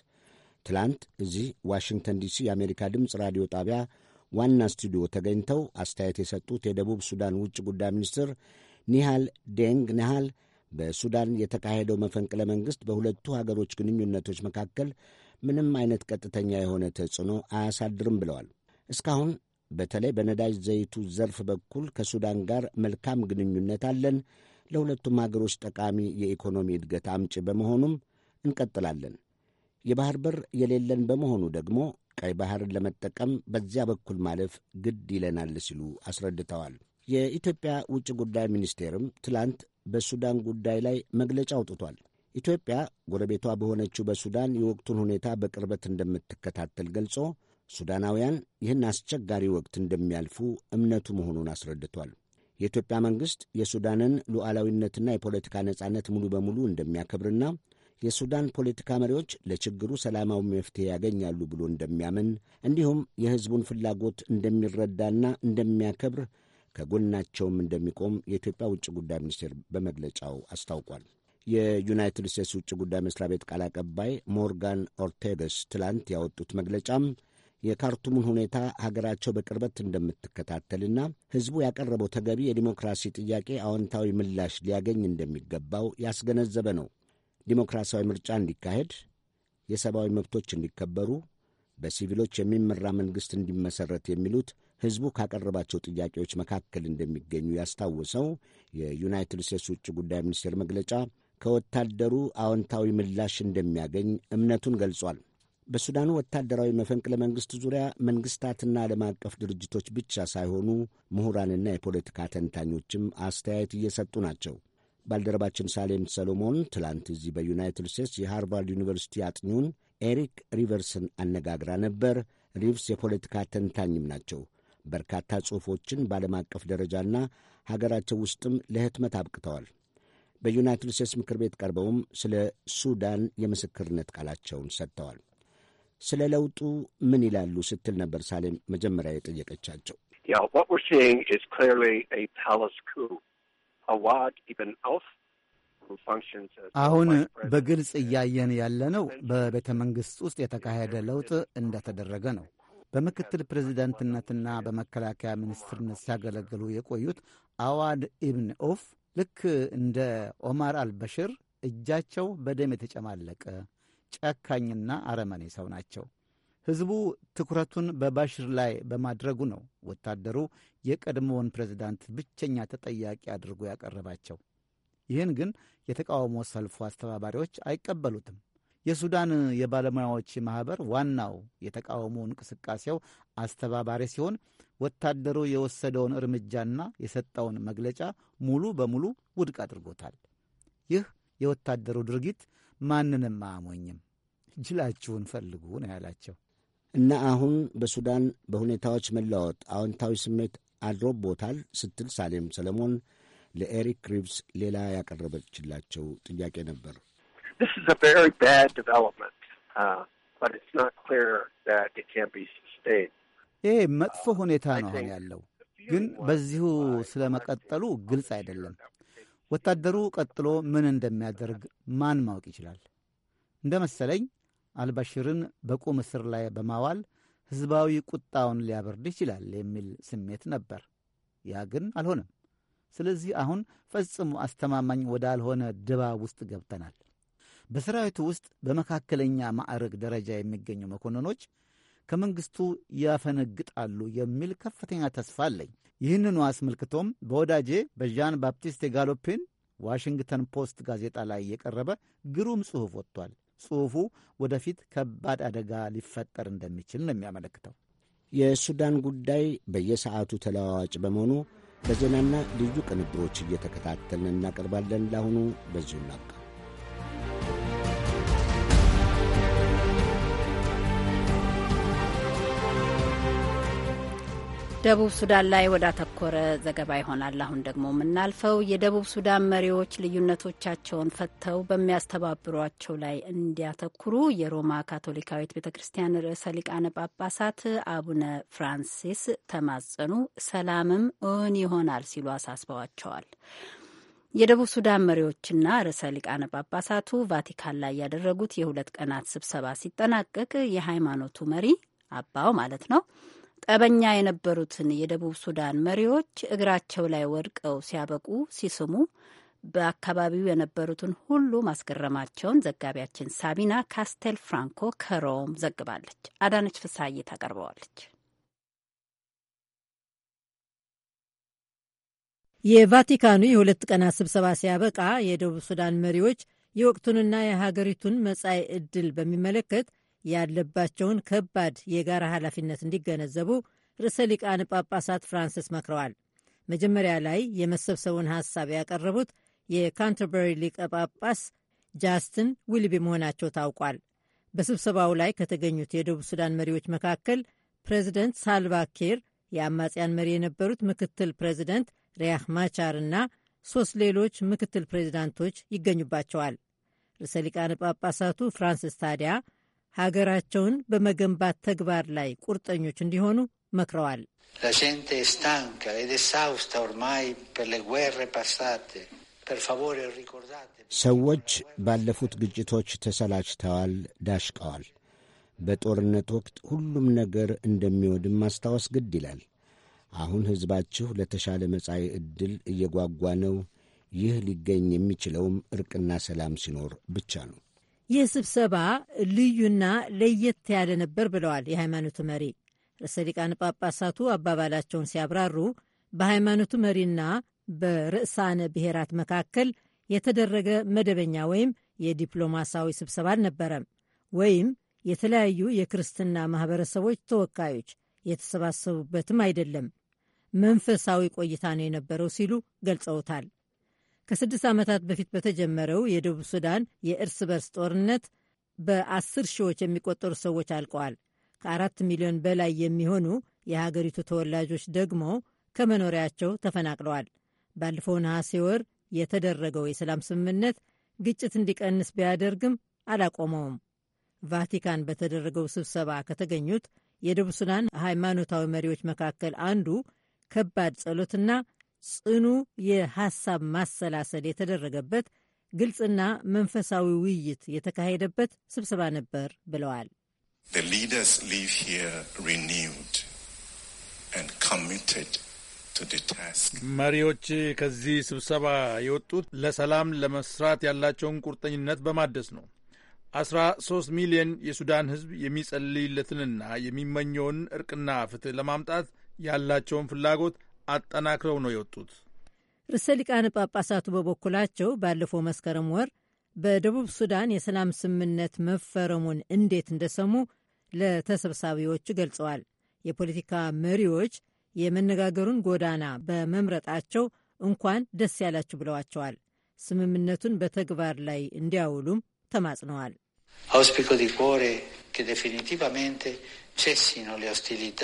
ትላንት እዚህ ዋሽንግተን ዲሲ የአሜሪካ ድምፅ ራዲዮ ጣቢያ ዋና ስቱዲዮ ተገኝተው አስተያየት የሰጡት የደቡብ ሱዳን ውጭ ጉዳይ ሚኒስትር ኒሃል ዴንግ ኒሃል በሱዳን የተካሄደው መፈንቅለ መንግሥት በሁለቱ ሀገሮች ግንኙነቶች መካከል ምንም አይነት ቀጥተኛ የሆነ ተጽዕኖ አያሳድርም ብለዋል። እስካሁን በተለይ በነዳጅ ዘይቱ ዘርፍ በኩል ከሱዳን ጋር መልካም ግንኙነት አለን። ለሁለቱም አገሮች ጠቃሚ የኢኮኖሚ እድገት አምጪ በመሆኑም እንቀጥላለን። የባህር በር የሌለን በመሆኑ ደግሞ ቀይ ባህርን ለመጠቀም በዚያ በኩል ማለፍ ግድ ይለናል ሲሉ አስረድተዋል። የኢትዮጵያ ውጭ ጉዳይ ሚኒስቴርም ትላንት በሱዳን ጉዳይ ላይ መግለጫ አውጥቷል። ኢትዮጵያ ጎረቤቷ በሆነችው በሱዳን የወቅቱን ሁኔታ በቅርበት እንደምትከታተል ገልጾ ሱዳናውያን ይህን አስቸጋሪ ወቅት እንደሚያልፉ እምነቱ መሆኑን አስረድቷል። የኢትዮጵያ መንግሥት የሱዳንን ሉዓላዊነትና የፖለቲካ ነጻነት ሙሉ በሙሉ እንደሚያከብርና የሱዳን ፖለቲካ መሪዎች ለችግሩ ሰላማዊ መፍትሄ ያገኛሉ ብሎ እንደሚያምን እንዲሁም የሕዝቡን ፍላጎት እንደሚረዳና እንደሚያከብር ከጎናቸውም እንደሚቆም የኢትዮጵያ ውጭ ጉዳይ ሚኒስቴር በመግለጫው አስታውቋል። የዩናይትድ ስቴትስ ውጭ ጉዳይ መስሪያ ቤት ቃል አቀባይ ሞርጋን ኦርቴገስ ትላንት ያወጡት መግለጫም የካርቱሙን ሁኔታ ሀገራቸው በቅርበት እንደምትከታተልና ሕዝቡ ያቀረበው ተገቢ የዲሞክራሲ ጥያቄ አዎንታዊ ምላሽ ሊያገኝ እንደሚገባው ያስገነዘበ ነው። ዲሞክራሲያዊ ምርጫ እንዲካሄድ፣ የሰብአዊ መብቶች እንዲከበሩ፣ በሲቪሎች የሚመራ መንግሥት እንዲመሠረት የሚሉት ሕዝቡ ካቀረባቸው ጥያቄዎች መካከል እንደሚገኙ ያስታወሰው የዩናይትድ ስቴትስ ውጭ ጉዳይ ሚኒስቴር መግለጫ ከወታደሩ አዎንታዊ ምላሽ እንደሚያገኝ እምነቱን ገልጿል። በሱዳኑ ወታደራዊ መፈንቅለ መንግሥት ዙሪያ መንግሥታትና ዓለም አቀፍ ድርጅቶች ብቻ ሳይሆኑ ምሁራንና የፖለቲካ ተንታኞችም አስተያየት እየሰጡ ናቸው። ባልደረባችን ሳሌም ሰሎሞን ትላንት እዚህ በዩናይትድ ስቴትስ የሃርቫርድ ዩኒቨርሲቲ አጥኚውን ኤሪክ ሪቨርስን አነጋግራ ነበር። ሪቭስ የፖለቲካ ተንታኝም ናቸው። በርካታ ጽሑፎችን በዓለም አቀፍ ደረጃና ሀገራቸው ውስጥም ለህትመት አብቅተዋል። በዩናይትድ ስቴትስ ምክር ቤት ቀርበውም ስለ ሱዳን የምስክርነት ቃላቸውን ሰጥተዋል። ስለ ለውጡ ምን ይላሉ ስትል ነበር ሳሌም መጀመሪያ የጠየቀቻቸው። አሁን በግልጽ እያየን ያለነው በቤተ መንግሥት ውስጥ የተካሄደ ለውጥ እንደተደረገ ነው። በምክትል ፕሬዚዳንትነትና በመከላከያ ሚኒስትርነት ሲያገለግሉ የቆዩት አዋድ ኢብን ኦፍ ልክ እንደ ኦማር አልበሽር እጃቸው በደም የተጨማለቀ ጨካኝና አረመኔ ሰው ናቸው። ሕዝቡ ትኩረቱን በባሽር ላይ በማድረጉ ነው ወታደሩ የቀድሞውን ፕሬዚዳንት ብቸኛ ተጠያቂ አድርጎ ያቀረባቸው። ይህን ግን የተቃውሞ ሰልፉ አስተባባሪዎች አይቀበሉትም። የሱዳን የባለሙያዎች ማኅበር ዋናው የተቃውሞ እንቅስቃሴው አስተባባሪ ሲሆን ወታደሩ የወሰደውን እርምጃና የሰጠውን መግለጫ ሙሉ በሙሉ ውድቅ አድርጎታል። ይህ የወታደሩ ድርጊት ማንንም አያሞኝም፣ ጅላችሁን ፈልጉ ነው ያላቸው እና አሁን በሱዳን በሁኔታዎች መለዋወጥ አዎንታዊ ስሜት አድሮቦታል ስትል ሳሌም ሰለሞን ለኤሪክ ሪቭስ ሌላ ያቀረበችላቸው ጥያቄ ነበር። ይሄ መጥፎ ሁኔታ ነው አሁን ያለው። ግን በዚሁ ስለመቀጠሉ ግልጽ አይደለም። ወታደሩ ቀጥሎ ምን እንደሚያደርግ ማን ማወቅ ይችላል? እንደ መሰለኝ አልባሽርን በቁም እስር ላይ በማዋል ሕዝባዊ ቁጣውን ሊያበርድ ይችላል የሚል ስሜት ነበር። ያ ግን አልሆነም። ስለዚህ አሁን ፈጽሞ አስተማማኝ ወዳልሆነ ድባብ ውስጥ ገብተናል። በሰራዊቱ ውስጥ በመካከለኛ ማዕረግ ደረጃ የሚገኙ መኮንኖች ከመንግስቱ ያፈነግጣሉ የሚል ከፍተኛ ተስፋ አለኝ። ይህንኑ አስመልክቶም በወዳጄ በዣን ባፕቲስት ጋሎፔን ዋሽንግተን ፖስት ጋዜጣ ላይ የቀረበ ግሩም ጽሑፍ ወጥቷል። ጽሑፉ ወደፊት ከባድ አደጋ ሊፈጠር እንደሚችል ነው የሚያመለክተው። የሱዳን ጉዳይ በየሰዓቱ ተለዋዋጭ በመሆኑ በዜናና ልዩ ቅንብሮች እየተከታተልን እናቀርባለን። ለአሁኑ በዚሁ እናብቃ። ደቡብ ሱዳን ላይ ወዳተኮረ ዘገባ ይሆናል። አሁን ደግሞ የምናልፈው የደቡብ ሱዳን መሪዎች ልዩነቶቻቸውን ፈተው በሚያስተባብሯቸው ላይ እንዲያተኩሩ የሮማ ካቶሊካዊት ቤተ ክርስቲያን ርዕሰ ሊቃነ ጳጳሳት አቡነ ፍራንሲስ ተማጸኑ። ሰላምም እውን ይሆናል ሲሉ አሳስበዋቸዋል። የደቡብ ሱዳን መሪዎችና ርዕሰ ሊቃነ ጳጳሳቱ ቫቲካን ላይ ያደረጉት የሁለት ቀናት ስብሰባ ሲጠናቀቅ የሃይማኖቱ መሪ አባው ማለት ነው ጠበኛ የነበሩትን የደቡብ ሱዳን መሪዎች እግራቸው ላይ ወድቀው ሲያበቁ ሲስሙ በአካባቢው የነበሩትን ሁሉ ማስገረማቸውን ዘጋቢያችን ሳቢና ካስቴል ፍራንኮ ከሮም ዘግባለች። አዳነች ፍሳዬ ታቀርበዋለች። የቫቲካኑ የሁለት ቀናት ስብሰባ ሲያበቃ የደቡብ ሱዳን መሪዎች የወቅቱንና የሀገሪቱን መጻኢ ዕድል በሚመለከት ያለባቸውን ከባድ የጋራ ኃላፊነት እንዲገነዘቡ ርዕሰ ሊቃነ ጳጳሳት ፍራንሲስ መክረዋል። መጀመሪያ ላይ የመሰብሰቡን ሐሳብ ያቀረቡት የካንተርበሪ ሊቀ ጳጳስ ጃስትን ዊልቢ መሆናቸው ታውቋል። በስብሰባው ላይ ከተገኙት የደቡብ ሱዳን መሪዎች መካከል ፕሬዚደንት ሳልቫ ኪር፣ የአማጽያን መሪ የነበሩት ምክትል ፕሬዚደንት ሪያህ ማቻር እና ሦስት ሌሎች ምክትል ፕሬዚዳንቶች ይገኙባቸዋል። ርዕሰ ሊቃነ ጳጳሳቱ ፍራንሲስ ታዲያ ሀገራቸውን በመገንባት ተግባር ላይ ቁርጠኞች እንዲሆኑ መክረዋል። ሰዎች ባለፉት ግጭቶች ተሰላችተዋል፣ ዳሽቀዋል። በጦርነት ወቅት ሁሉም ነገር እንደሚወድም ማስታወስ ግድ ይላል። አሁን ሕዝባችሁ ለተሻለ መጻኢ ዕድል እየጓጓ ነው። ይህ ሊገኝ የሚችለውም ዕርቅና ሰላም ሲኖር ብቻ ነው። ይህ ስብሰባ ልዩና ለየት ያለ ነበር ብለዋል የሃይማኖቱ መሪ። ርዕሰ ሊቃነ ጳጳሳቱ አባባላቸውን ሲያብራሩ በሃይማኖቱ መሪና በርዕሳነ ብሔራት መካከል የተደረገ መደበኛ ወይም የዲፕሎማሳዊ ስብሰባ አልነበረም ወይም የተለያዩ የክርስትና ማህበረሰቦች ተወካዮች የተሰባሰቡበትም አይደለም። መንፈሳዊ ቆይታ ነው የነበረው ሲሉ ገልጸውታል። ከስድስት ዓመታት በፊት በተጀመረው የደቡብ ሱዳን የእርስ በርስ ጦርነት በአስር ሺዎች የሚቆጠሩ ሰዎች አልቀዋል። ከአራት ሚሊዮን በላይ የሚሆኑ የሀገሪቱ ተወላጆች ደግሞ ከመኖሪያቸው ተፈናቅለዋል። ባለፈው ነሐሴ ወር የተደረገው የሰላም ስምምነት ግጭት እንዲቀንስ ቢያደርግም አላቆመውም። ቫቲካን በተደረገው ስብሰባ ከተገኙት የደቡብ ሱዳን ሃይማኖታዊ መሪዎች መካከል አንዱ ከባድ ጸሎትና ጽኑ የሐሳብ ማሰላሰል የተደረገበት ግልጽና መንፈሳዊ ውይይት የተካሄደበት ስብሰባ ነበር ብለዋል። መሪዎች ከዚህ ስብሰባ የወጡት ለሰላም ለመስራት ያላቸውን ቁርጠኝነት በማደስ ነው። አስራ ሶስት ሚሊዮን የሱዳን ሕዝብ የሚጸልይለትንና የሚመኘውን እርቅና ፍትህ ለማምጣት ያላቸውን ፍላጎት አጠናክረው ነው የወጡት። ርዕሰ ሊቃነ ጳጳሳቱ በበኩላቸው ባለፈው መስከረም ወር በደቡብ ሱዳን የሰላም ስምምነት መፈረሙን እንዴት እንደሰሙ ለተሰብሳቢዎቹ ገልጸዋል። የፖለቲካ መሪዎች የመነጋገሩን ጎዳና በመምረጣቸው እንኳን ደስ ያላችሁ ብለዋቸዋል። ስምምነቱን በተግባር ላይ እንዲያውሉም ተማጽነዋል። አውስፒኮ ዲ ኮሬ ዴፊኒቲቫሜንቴ ሴሲኖ ሌ ኦስቲሊታ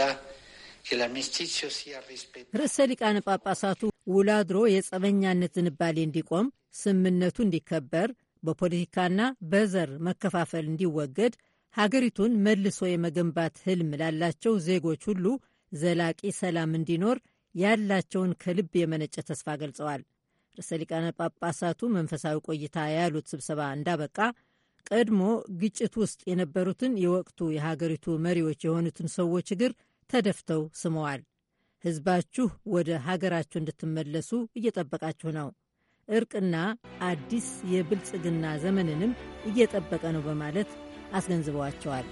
ርዕሰ ሊቃነ ጳጳሳቱ ውላድሮ የጸበኛነት ዝንባሌ እንዲቆም፣ ስምምነቱ እንዲከበር፣ በፖለቲካና በዘር መከፋፈል እንዲወገድ፣ ሀገሪቱን መልሶ የመገንባት ህልም ላላቸው ዜጎች ሁሉ ዘላቂ ሰላም እንዲኖር ያላቸውን ከልብ የመነጨ ተስፋ ገልጸዋል። ርዕሰ ሊቃነ ጳጳሳቱ መንፈሳዊ ቆይታ ያሉት ስብሰባ እንዳበቃ ቀድሞ ግጭት ውስጥ የነበሩትን የወቅቱ የሀገሪቱ መሪዎች የሆኑትን ሰዎች እግር ተደፍተው ስመዋል። ሕዝባችሁ ወደ ሀገራችሁ እንድትመለሱ እየጠበቃችሁ ነው። እርቅና አዲስ የብልጽግና ዘመንንም እየጠበቀ ነው በማለት አስገንዝበዋቸዋል።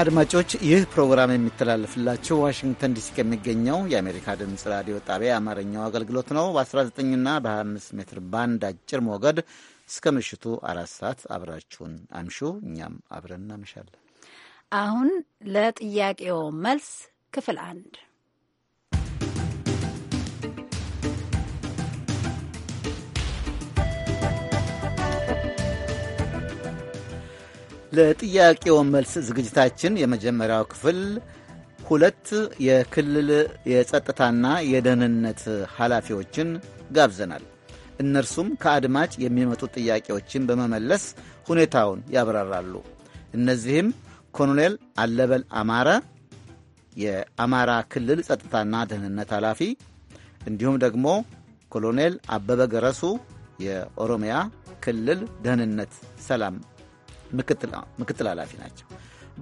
አድማጮች ይህ ፕሮግራም የሚተላለፍላችሁ ዋሽንግተን ዲሲ ከሚገኘው የአሜሪካ ድምፅ ራዲዮ ጣቢያ የአማርኛው አገልግሎት ነው። በ19ና በ25 ሜትር ባንድ አጭር ሞገድ እስከ ምሽቱ አራት ሰዓት አብራችሁን አምሹ። እኛም አብረን እናመሻለን። አሁን ለጥያቄው መልስ ክፍል አንድ ለጥያቄው መልስ ዝግጅታችን የመጀመሪያው ክፍል ሁለት የክልል የጸጥታና የደህንነት ኃላፊዎችን ጋብዘናል። እነርሱም ከአድማጭ የሚመጡ ጥያቄዎችን በመመለስ ሁኔታውን ያብራራሉ። እነዚህም ኮሎኔል አለበል አማረ የአማራ ክልል ጸጥታና ደህንነት ኃላፊ፣ እንዲሁም ደግሞ ኮሎኔል አበበ ገረሱ የኦሮሚያ ክልል ደህንነት ሰላም ምክትል ኃላፊ ናቸው።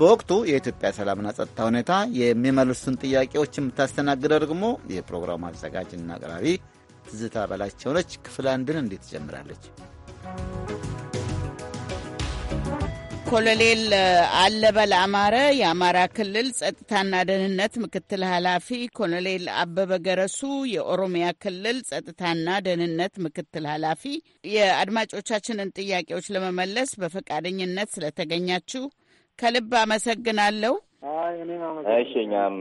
በወቅቱ የኢትዮጵያ ሰላምና ጸጥታ ሁኔታ የሚመልሱትን ጥያቄዎች የምታስተናግደው ደግሞ የፕሮግራሙ አዘጋጅና አቅራቢ ትዝታ በላቸው ነች። ክፍል አንድን እንዴት ትጀምራለች? ኮሎኔል አለበል አማረ የአማራ ክልል ጸጥታና ደህንነት ምክትል ኃላፊ፣ ኮሎኔል አበበ ገረሱ የኦሮሚያ ክልል ጸጥታና ደህንነት ምክትል ኃላፊ፣ የአድማጮቻችንን ጥያቄዎች ለመመለስ በፈቃደኝነት ስለተገኛችሁ ከልብ አመሰግናለሁ። እሺ እኛም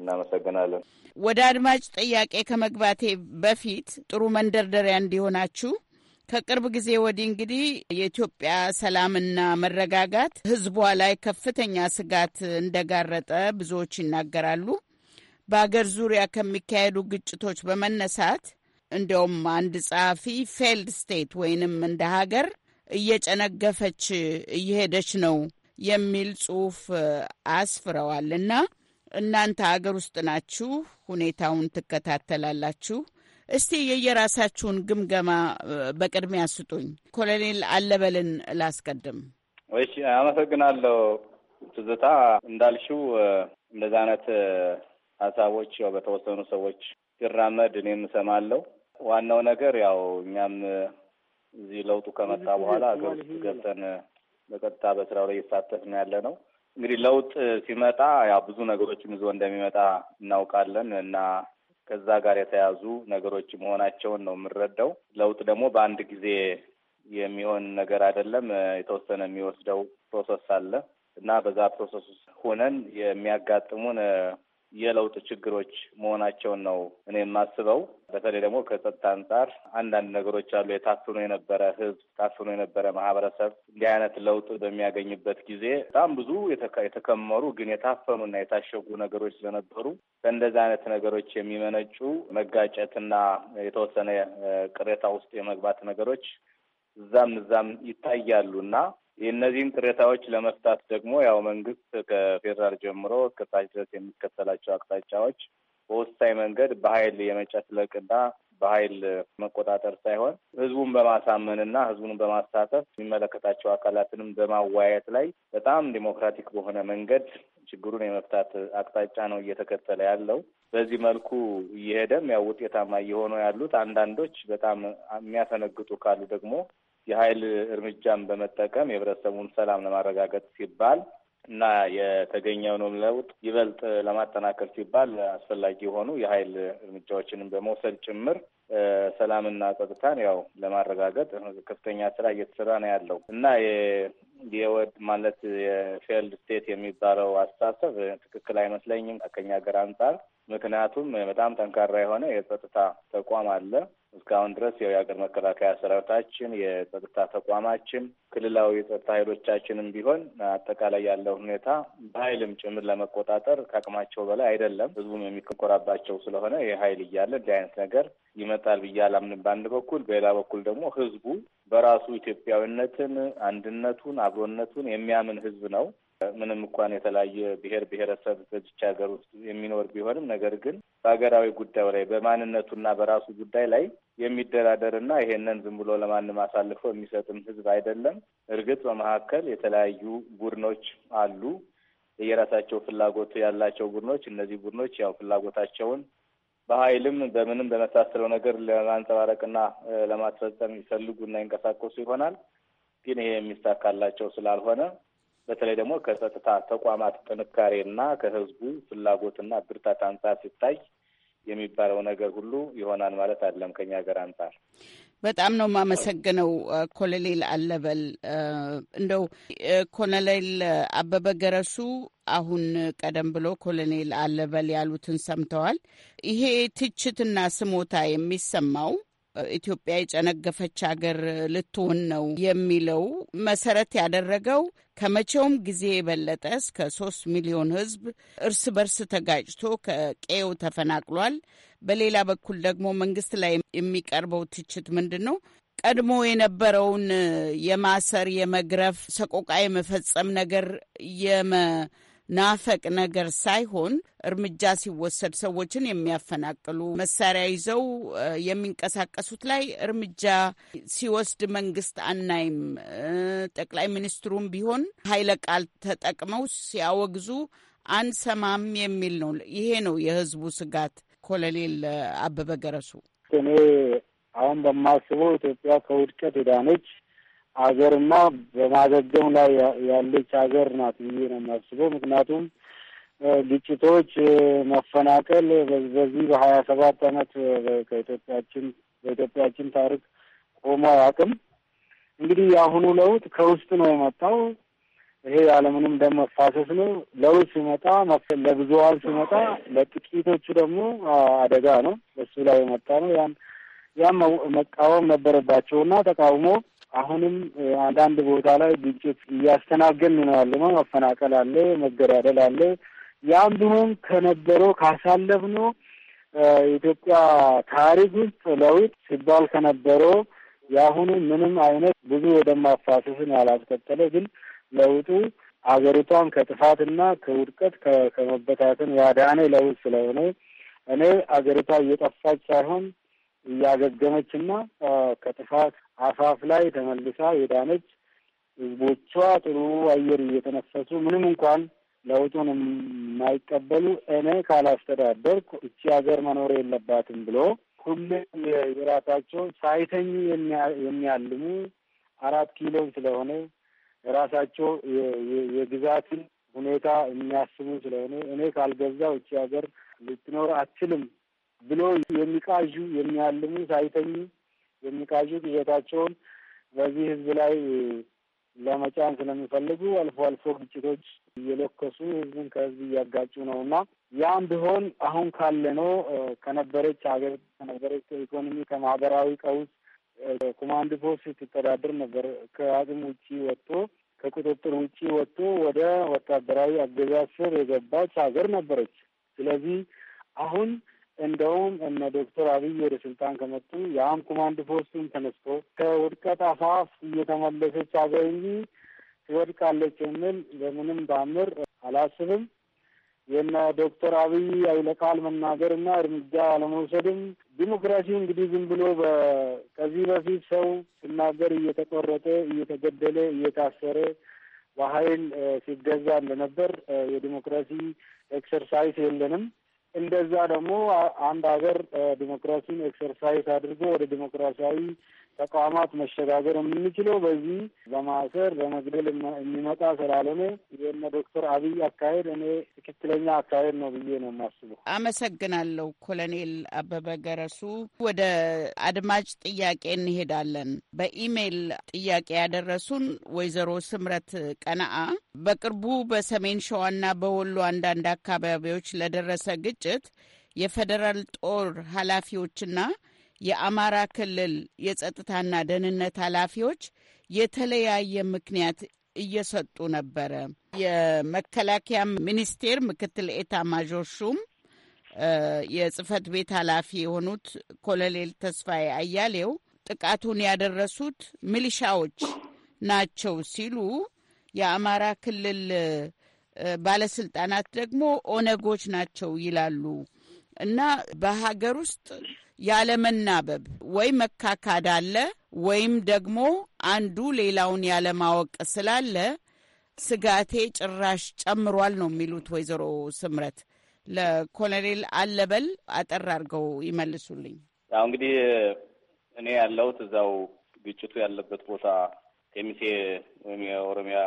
እናመሰግናለን። ወደ አድማጭ ጥያቄ ከመግባቴ በፊት ጥሩ መንደርደሪያ እንዲሆናችሁ ከቅርብ ጊዜ ወዲህ እንግዲህ የኢትዮጵያ ሰላምና መረጋጋት ህዝቧ ላይ ከፍተኛ ስጋት እንደጋረጠ ብዙዎች ይናገራሉ። በአገር ዙሪያ ከሚካሄዱ ግጭቶች በመነሳት እንዲያውም አንድ ጸሐፊ ፌልድ ስቴት ወይንም እንደ ሀገር እየጨነገፈች እየሄደች ነው የሚል ጽሑፍ አስፍረዋል እና እናንተ ሀገር ውስጥ ናችሁ፣ ሁኔታውን ትከታተላላችሁ እስቲ የየራሳችሁን ግምገማ በቅድሚያ ስጡኝ። ኮሎኔል አለበልን ላስቀድም። እሺ፣ አመሰግናለሁ ትዝታ። እንዳልሽው እንደዚህ አይነት ሀሳቦች ያው በተወሰኑ ሰዎች ሲራመድ እኔም እሰማለሁ። ዋናው ነገር ያው እኛም እዚህ ለውጡ ከመጣ በኋላ ሀገር ውስጥ ገብተን በቀጥታ በስራው ላይ እየተሳተፍ ነው ያለ ነው። እንግዲህ ለውጥ ሲመጣ ያው ብዙ ነገሮችን ይዞ እንደሚመጣ እናውቃለን እና ከዛ ጋር የተያዙ ነገሮች መሆናቸውን ነው የምንረዳው። ለውጥ ደግሞ በአንድ ጊዜ የሚሆን ነገር አይደለም። የተወሰነ የሚወስደው ፕሮሰስ አለ እና በዛ ፕሮሰስ ውስጥ ሆነን የሚያጋጥሙን የለውጥ ችግሮች መሆናቸውን ነው እኔ የማስበው። በተለይ ደግሞ ከጸጥታ አንጻር አንዳንድ ነገሮች አሉ። የታፍኖ የነበረ ህዝብ፣ ታፍኖ የነበረ ማህበረሰብ እንዲህ አይነት ለውጥ በሚያገኝበት ጊዜ በጣም ብዙ የተከመሩ ግን የታፈኑና የታሸጉ ነገሮች ስለነበሩ ከእንደዚህ አይነት ነገሮች የሚመነጩ መጋጨትና የተወሰነ ቅሬታ ውስጥ የመግባት ነገሮች እዛም እዛም ይታያሉ እና እነዚህን ቅሬታዎች ለመፍታት ደግሞ ያው መንግስት ከፌዴራል ጀምሮ እስከ ታች ድረስ የሚከተላቸው አቅጣጫዎች በወሳኝ መንገድ በኃይል የመጨፍለቅና በኃይል መቆጣጠር ሳይሆን ህዝቡን በማሳመንና ህዝቡን በማሳተፍ የሚመለከታቸው አካላትንም በማወያየት ላይ በጣም ዴሞክራቲክ በሆነ መንገድ ችግሩን የመፍታት አቅጣጫ ነው እየተከተለ ያለው። በዚህ መልኩ እየሄደም ያው ውጤታማ እየሆኑ ያሉት አንዳንዶች በጣም የሚያሰነግጡ ካሉ ደግሞ የኃይል እርምጃን በመጠቀም የህብረተሰቡን ሰላም ለማረጋገጥ ሲባል እና የተገኘውንም ለውጥ ይበልጥ ለማጠናከር ሲባል አስፈላጊ የሆኑ የኃይል እርምጃዎችንም በመውሰድ ጭምር ሰላምና ጸጥታን ያው ለማረጋገጥ ከፍተኛ ስራ እየተሰራ ነው ያለው እና የወድ ማለት የፌልድ ስቴት የሚባለው አስተሳሰብ ትክክል አይመስለኝም ከኛ ሀገር አንጻር። ምክንያቱም በጣም ጠንካራ የሆነ የጸጥታ ተቋም አለ። እስካሁን ድረስ ያው የሀገር መከላከያ ሰራዊታችን፣ የጸጥታ ተቋማችን፣ ክልላዊ የጸጥታ ኃይሎቻችንም ቢሆን አጠቃላይ ያለው ሁኔታ በኃይልም ጭምር ለመቆጣጠር ከአቅማቸው በላይ አይደለም። ህዝቡም የሚኮራባቸው ስለሆነ ይህ ኃይል እያለ እንዲህ አይነት ነገር ይመጣል ብዬ አላምንም በአንድ በኩል በሌላ በኩል ደግሞ ህዝቡ በራሱ ኢትዮጵያዊነትን፣ አንድነቱን፣ አብሮነቱን የሚያምን ህዝብ ነው። ምንም እንኳን የተለያየ ብሔር ብሔረሰብ በዚች ሀገር ውስጥ የሚኖር ቢሆንም ነገር ግን በሀገራዊ ጉዳዩ ላይ በማንነቱና በራሱ ጉዳይ ላይ የሚደራደርና ይሄንን ዝም ብሎ ለማንም አሳልፎ የሚሰጥም ህዝብ አይደለም። እርግጥ በመካከል የተለያዩ ቡድኖች አሉ። የራሳቸው ፍላጎት ያላቸው ቡድኖች እነዚህ ቡድኖች ያው ፍላጎታቸውን በኃይልም በምንም በመሳሰለው ነገር ለማንጸባረቅና ለማስፈጸም ይፈልጉና ይንቀሳቀሱ ይሆናል። ግን ይሄ የሚሳካላቸው ስላልሆነ በተለይ ደግሞ ከጸጥታ ተቋማት ጥንካሬና ከህዝቡ ፍላጎትና ብርታት አንጻር ሲታይ የሚባለው ነገር ሁሉ ይሆናል ማለት አይደለም። ከኛ ሀገር አንጻር በጣም ነው የማመሰግነው ኮሎኔል አለበል። እንደው ኮሎኔል አበበ ገረሱ አሁን ቀደም ብሎ ኮሎኔል አለበል ያሉትን ሰምተዋል። ይሄ ትችትና ስሞታ የሚሰማው ኢትዮጵያ የጨነገፈች ሀገር ልትሆን ነው የሚለው መሰረት ያደረገው ከመቼውም ጊዜ የበለጠ እስከ ሶስት ሚሊዮን ህዝብ እርስ በርስ ተጋጭቶ ከቀዬው ተፈናቅሏል። በሌላ በኩል ደግሞ መንግስት ላይ የሚቀርበው ትችት ምንድን ነው? ቀድሞ የነበረውን የማሰር፣ የመግረፍ፣ ሰቆቃ የመፈጸም ነገር የመ ናፈቅ ነገር ሳይሆን እርምጃ ሲወሰድ ሰዎችን የሚያፈናቅሉ መሳሪያ ይዘው የሚንቀሳቀሱት ላይ እርምጃ ሲወስድ መንግስት አናይም። ጠቅላይ ሚኒስትሩም ቢሆን ኃይለ ቃል ተጠቅመው ሲያወግዙ አንሰማም የሚል ነው። ይሄ ነው የህዝቡ ስጋት። ኮሎኔል አበበ ገረሱ እኔ አሁን በማስበው ኢትዮጵያ ከውድቀት ዳነች። ሀገርና በማገገም ላይ ያለች ሀገር ናት ብዬ ነው የማስበው። ምክንያቱም ግጭቶች፣ መፈናቀል በዚህ በሀያ ሰባት አመት ከኢትዮጵያችን በኢትዮጵያችን ታሪክ ቆሞ አያውቅም። እንግዲህ የአሁኑ ለውጥ ከውስጥ ነው የመጣው። ይሄ ያለምንም ደም መፋሰስ ነው። ለውጥ ሲመጣ ለብዙሀን ሲመጣ፣ ለጥቂቶቹ ደግሞ አደጋ ነው። በሱ ላይ የመጣ ነው። ያን መቃወም ነበረባቸውና ተቃውሞ አሁንም አንዳንድ ቦታ ላይ ግጭት እያስተናገን ነው ያለ ነው። መፈናቀል አለ፣ መገዳደል አለ። ያም ቢሆን ከነበረው ካሳለፍነው ኢትዮጵያ ታሪክ ውስጥ ለውጥ ሲባል ከነበረው የአሁኑ ምንም አይነት ብዙ የደም ማፋሰስን ያላስከተለ ግን ለውጡ አገሪቷን ከጥፋትና ከውድቀት ከመበታተን ያዳነ ለውጥ ስለሆነ እኔ አገሪቷ እየጠፋች ሳይሆን እያገገመችና ከጥፋት አፋፍ ላይ ተመልሳ የዳነች ህዝቦቿ ጥሩ አየር እየተነፈሱ ምንም እንኳን ለውጡን የማይቀበሉ እኔ ካላስተዳደርኩ እቺ ሀገር መኖር የለባትም ብሎ ሁሌ የራሳቸው ሳይተኙ የሚያልሙ አራት ኪሎ ስለሆነ ራሳቸው የግዛትን ሁኔታ የሚያስቡ ስለሆነ እኔ ካልገዛው እቺ ሀገር ልትኖር አትችልም ብሎ የሚቃዡ የሚያልሙ ሳይተኙ የሚቃዡ ቅዠታቸውን በዚህ ህዝብ ላይ ለመጫን ስለሚፈልጉ አልፎ አልፎ ግጭቶች እየለከሱ ህዝብን ከህዝብ እያጋጩ ነው እና ያም ቢሆን አሁን ካለነው ከነበረች ሀገር ከነበረች ኢኮኖሚ ከማህበራዊ ቀውስ ኮማንድ ፖስት ስትተዳደር ነበር። ከአቅም ውጪ ወጥቶ ከቁጥጥር ውጪ ወጥቶ ወደ ወታደራዊ አገዛዝ ስር የገባች ሀገር ነበረች። ስለዚህ አሁን እንደውም እነ ዶክተር አብይ ወደ ስልጣን ከመጡ የአም ኮማንድ ፖስቱን ተነስቶ ከውድቀት አፋፍ እየተመለሰች ሀገር እንጂ ትወድቃለች የሚል በምንም ባምር አላስብም። የነ ዶክተር አብይ አይለቃል ና እርምጃ አለመውሰድም ዲሞክራሲ እንግዲህ ዝም ብሎ ከዚህ በፊት ሰው ሲናገር እየተቆረጠ እየተገደለ እየታሰረ በኃይል ሲገዛ እንደነበር የዲሞክራሲ ኤክሰርሳይዝ የለንም። እንደዛ ደግሞ አንድ ሀገር ዲሞክራሲን ኤክሰርሳይዝ አድርጎ ወደ ዲሞክራሲያዊ ተቋማት መሸጋገር የምንችለው በዚህ በማሰር በመግደል የሚመጣ ስላልሆነ የነ ዶክተር አብይ አካሄድ እኔ ትክክለኛ አካሄድ ነው ብዬ ነው የማስበው። አመሰግናለሁ ኮሎኔል አበበ ገረሱ። ወደ አድማጭ ጥያቄ እንሄዳለን። በኢሜይል ጥያቄ ያደረሱን ወይዘሮ ስምረት ቀናአ በቅርቡ በሰሜን ሸዋና በወሎ አንዳንድ አካባቢዎች ለደረሰ ግጭት የፌዴራል ጦር ኃላፊዎችና የአማራ ክልል የጸጥታና ደህንነት ኃላፊዎች የተለያየ ምክንያት እየሰጡ ነበረ። የመከላከያ ሚኒስቴር ምክትል ኤታ ማዦር ሹም የጽህፈት ቤት ኃላፊ የሆኑት ኮሎኔል ተስፋዬ አያሌው ጥቃቱን ያደረሱት ሚሊሻዎች ናቸው ሲሉ፣ የአማራ ክልል ባለስልጣናት ደግሞ ኦነጎች ናቸው ይላሉ። እና በሀገር ውስጥ ያለመናበብ ወይ መካካድ አለ ወይም ደግሞ አንዱ ሌላውን ያለማወቅ ስላለ ስጋቴ ጭራሽ ጨምሯል ነው የሚሉት ወይዘሮ ስምረት። ለኮሎኔል አለበል አጠር አድርገው ይመልሱልኝ። ያው እንግዲህ እኔ ያለሁት እዛው ግጭቱ ያለበት ቦታ ከሚሴ ወይም የኦሮሚያ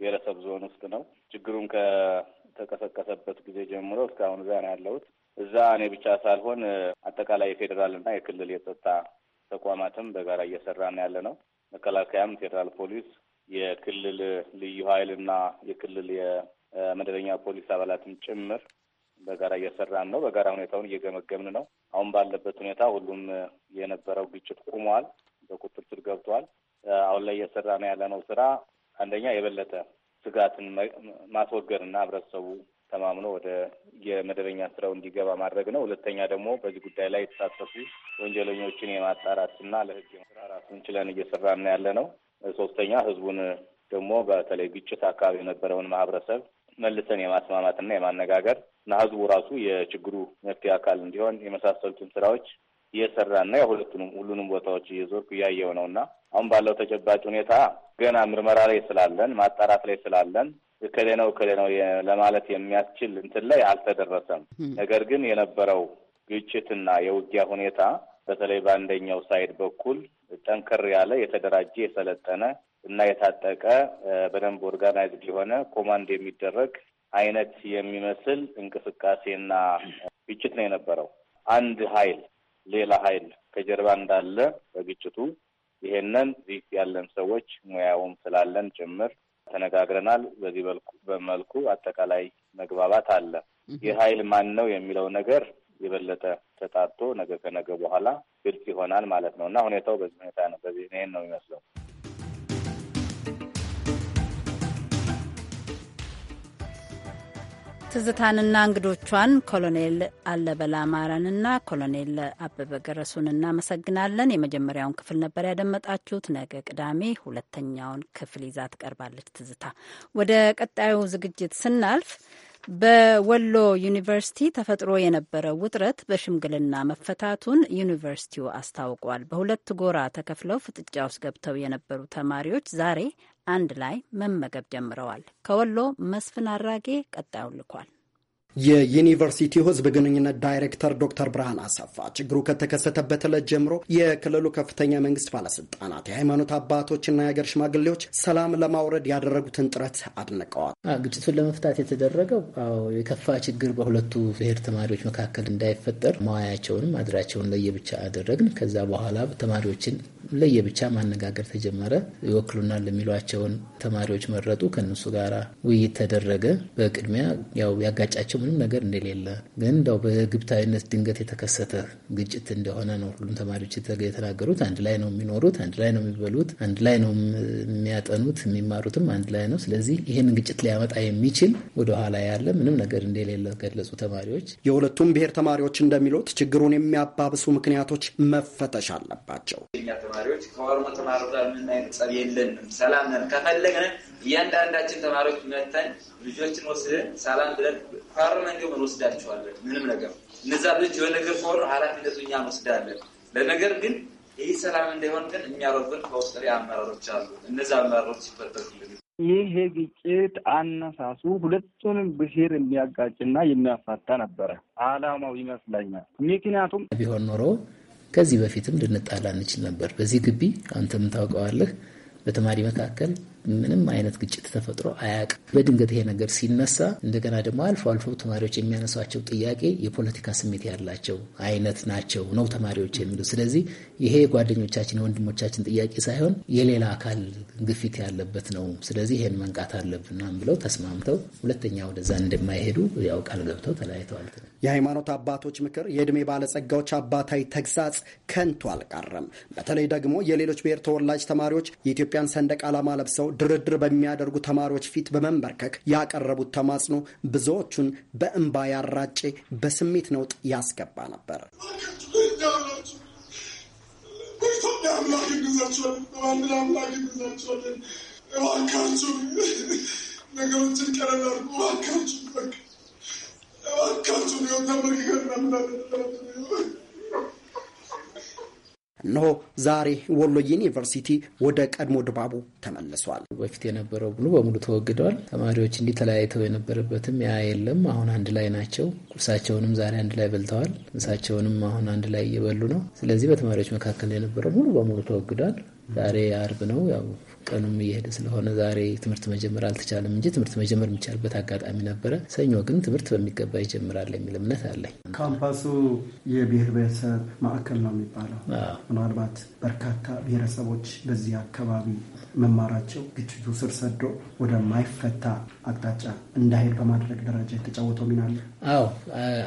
ብሔረሰብ ዞን ውስጥ ነው። ችግሩን ከተቀሰቀሰበት ጊዜ ጀምሮ እስካሁን እዛ ነው ያለሁት። እዛ እኔ ብቻ ሳልሆን አጠቃላይ የፌዴራልና የክልል የጸጥታ ተቋማትም በጋራ እየሰራን ያለ ነው። መከላከያም፣ ፌዴራል ፖሊስ፣ የክልል ልዩ ኃይልና የክልል የመደበኛ ፖሊስ አባላትም ጭምር በጋራ እየሰራን ነው። በጋራ ሁኔታውን እየገመገምን ነው። አሁን ባለበት ሁኔታ ሁሉም የነበረው ግጭት ቁሟል። በቁጥር ስር ገብቷል። አሁን ላይ እየሰራ ነው ያለነው ስራ አንደኛ የበለጠ ስጋትን ማስወገድና ህብረተሰቡ ተማምኖ ወደ የመደበኛ ስራው እንዲገባ ማድረግ ነው። ሁለተኛ ደግሞ በዚህ ጉዳይ ላይ የተሳተፉ ወንጀለኞችን የማጣራትና ለህግ ስራ ራሱን ችለን እየሰራና ያለ ነው። ሶስተኛ ህዝቡን ደግሞ በተለይ ግጭት አካባቢ የነበረውን ማህበረሰብ መልሰን የማስማማትና የማነጋገር እና ህዝቡ ራሱ የችግሩ መፍትሄ አካል እንዲሆን የመሳሰሉትን ስራዎች እየሰራና የሁለቱንም ሁሉንም ቦታዎች እየዞርኩ እያየው ነው እና አሁን ባለው ተጨባጭ ሁኔታ ገና ምርመራ ላይ ስላለን ማጣራት ላይ ስላለን እከሌ ነው እከሌ ነው ለማለት የሚያስችል እንትን ላይ አልተደረሰም። ነገር ግን የነበረው ግጭትና የውጊያ ሁኔታ በተለይ በአንደኛው ሳይድ በኩል ጠንከር ያለ የተደራጀ የሰለጠነ እና የታጠቀ በደንብ ኦርጋናይዝድ የሆነ ኮማንድ የሚደረግ አይነት የሚመስል እንቅስቃሴና ግጭት ነው የነበረው። አንድ ኃይል ሌላ ኃይል ከጀርባ እንዳለ በግጭቱ ይሄንን እዚህ ያለን ሰዎች ሙያውም ስላለን ጭምር ተነጋግረናል። በዚህ በመልኩ አጠቃላይ መግባባት አለ። ይህ ማን ነው የሚለው ነገር የበለጠ ተጣርቶ ነገ ከነገ በኋላ ግልጽ ይሆናል ማለት ነው እና ሁኔታው በዚህ ሁኔታ ነው። በዚህ ይህን ነው የሚመስለው። ትዝታንና እንግዶቿን ኮሎኔል አለበላ አማረንና ኮሎኔል አበበ ገረሱን እናመሰግናለን። የመጀመሪያውን ክፍል ነበር ያደመጣችሁት። ነገ ቅዳሜ ሁለተኛውን ክፍል ይዛ ትቀርባለች ትዝታ። ወደ ቀጣዩ ዝግጅት ስናልፍ በወሎ ዩኒቨርሲቲ ተፈጥሮ የነበረው ውጥረት በሽምግልና መፈታቱን ዩኒቨርሲቲው አስታውቋል። በሁለት ጎራ ተከፍለው ፍጥጫ ውስጥ ገብተው የነበሩ ተማሪዎች ዛሬ አንድ ላይ መመገብ ጀምረዋል። ከወሎ መስፍን አራጌ ቀጣዩን ልኳል። የዩኒቨርሲቲው ሕዝብ ግንኙነት ዳይሬክተር ዶክተር ብርሃን አሰፋ ችግሩ ከተከሰተበት ዕለት ጀምሮ የክልሉ ከፍተኛ መንግስት ባለስልጣናት፣ የሃይማኖት አባቶችና የሀገር ሽማግሌዎች ሰላም ለማውረድ ያደረጉትን ጥረት አድንቀዋል። ግጭቱን ለመፍታት የተደረገው የከፋ ችግር በሁለቱ ብሔር ተማሪዎች መካከል እንዳይፈጠር መዋያቸውንም አድራቸውን ለየብቻ አደረግን። ከዛ በኋላ ተማሪዎችን ለየብቻ ማነጋገር ተጀመረ። ይወክሉናል የሚሏቸውን ተማሪዎች መረጡ። ከእነሱ ጋር ውይይት ተደረገ። በቅድሚያ ያው ያጋጫቸው ምንም ነገር እንደሌለ ግን እንዳው በግብታዊነት ድንገት የተከሰተ ግጭት እንደሆነ ነው ሁሉም ተማሪዎች የተናገሩት። አንድ ላይ ነው የሚኖሩት፣ አንድ ላይ ነው የሚበሉት፣ አንድ ላይ ነው የሚያጠኑት፣ የሚማሩትም አንድ ላይ ነው። ስለዚህ ይህን ግጭት ሊያመጣ የሚችል ወደኋላ ያለ ምንም ነገር እንደሌለ ገለጹ ተማሪዎች። የሁለቱም ብሔር ተማሪዎች እንደሚሉት ችግሩን የሚያባብሱ ምክንያቶች መፈተሽ አለባቸው። ተማሪዎች ከኦሮሞ ተማሪዎች ጋር ምን አይነት ጸብ የለንም፣ ሰላም ነን። ከፈለግን እያንዳንዳችን ተማሪዎች መተን ልጆችን ወስደን ሰላም ብለን ከኦሮሞ እንዲሁም እንወስዳቸዋለን። ምንም ነገር እነዛ ልጅ የሆነ ነገር ከሆኑ ኃላፊነቱ እኛ እንወስዳለን። ለነገር ግን ይህ ሰላም እንዳይሆን ግን የሚያረጉን ከውስጥ አመራሮች አሉ። እነዚ አመራሮች ይፈጠሩልን። ይህ ግጭት አነሳሱ ሁለቱንም ብሄር የሚያጋጭና የሚያፋታ ነበረ አላማው ይመስለኛል። ምክንያቱም ቢሆን ኖሮ ከዚህ በፊትም ልንጣላ እንችል ነበር። በዚህ ግቢ አንተም ታውቀዋለህ፣ በተማሪ መካከል ምንም አይነት ግጭት ተፈጥሮ አያውቅም። በድንገት ይሄ ነገር ሲነሳ እንደገና ደግሞ አልፎ አልፎ ተማሪዎች የሚያነሷቸው ጥያቄ የፖለቲካ ስሜት ያላቸው አይነት ናቸው ነው ተማሪዎች የሚሉት። ስለዚህ ይሄ የጓደኞቻችን የወንድሞቻችን ጥያቄ ሳይሆን የሌላ አካል ግፊት ያለበት ነው። ስለዚህ ይሄን መንቃት አለብና ብለው ተስማምተው ሁለተኛ ወደዛ እንደማይሄዱ ያው ቃል ገብተው ተለያይተዋል። የሃይማኖት አባቶች ምክር፣ የዕድሜ ባለጸጋዎች አባታዊ ተግሳጽ ከንቱ አልቀረም። በተለይ ደግሞ የሌሎች ብሔር ተወላጅ ተማሪዎች የኢትዮጵያን ሰንደቅ ዓላማ ለብሰው ድርድር በሚያደርጉ ተማሪዎች ፊት በመንበርከክ ያቀረቡት ተማጽኖ ብዙዎቹን በእንባ ያራጬ በስሜት ነውጥ ያስገባ ነበር። በኢትዮጵያ አምላክ እንግዛቸዋለን፣ በባንዲራ አምላክ እንግዛቸዋለን። እባካችሁ ነገሮችን ቀለል አድርጉ። እባካችሁ በቃ እባካችሁ ቢሆን ተመልከን ምናምን እነሆ ዛሬ ወሎ ዩኒቨርሲቲ ወደ ቀድሞ ድባቡ ተመልሷል። በፊት የነበረው ሙሉ በሙሉ ተወግደዋል። ተማሪዎች እንዲህ ተለያይተው የነበረበትም ያ የለም። አሁን አንድ ላይ ናቸው። ቁርሳቸውንም ዛሬ አንድ ላይ በልተዋል። ምሳቸውንም አሁን አንድ ላይ እየበሉ ነው። ስለዚህ በተማሪዎች መካከል የነበረው ሙሉ በሙሉ ተወግዷል። ዛሬ አርብ ነው። ያው ቀኑም እየሄደ ስለሆነ ዛሬ ትምህርት መጀመር አልተቻለም እንጂ ትምህርት መጀመር የሚቻልበት አጋጣሚ ነበረ። ሰኞ ግን ትምህርት በሚገባ ይጀምራል የሚል እምነት አለኝ። ካምፓሱ የብሔር ብሔረሰብ ማዕከል ነው የሚባለው። ምናልባት በርካታ ብሔረሰቦች በዚህ አካባቢ መማራቸው ግጭቱ ስር ሰዶ ወደማይፈታ አቅጣጫ እንዳሄድ በማድረግ ደረጃ የተጫወተው ሚና አለ። አዎ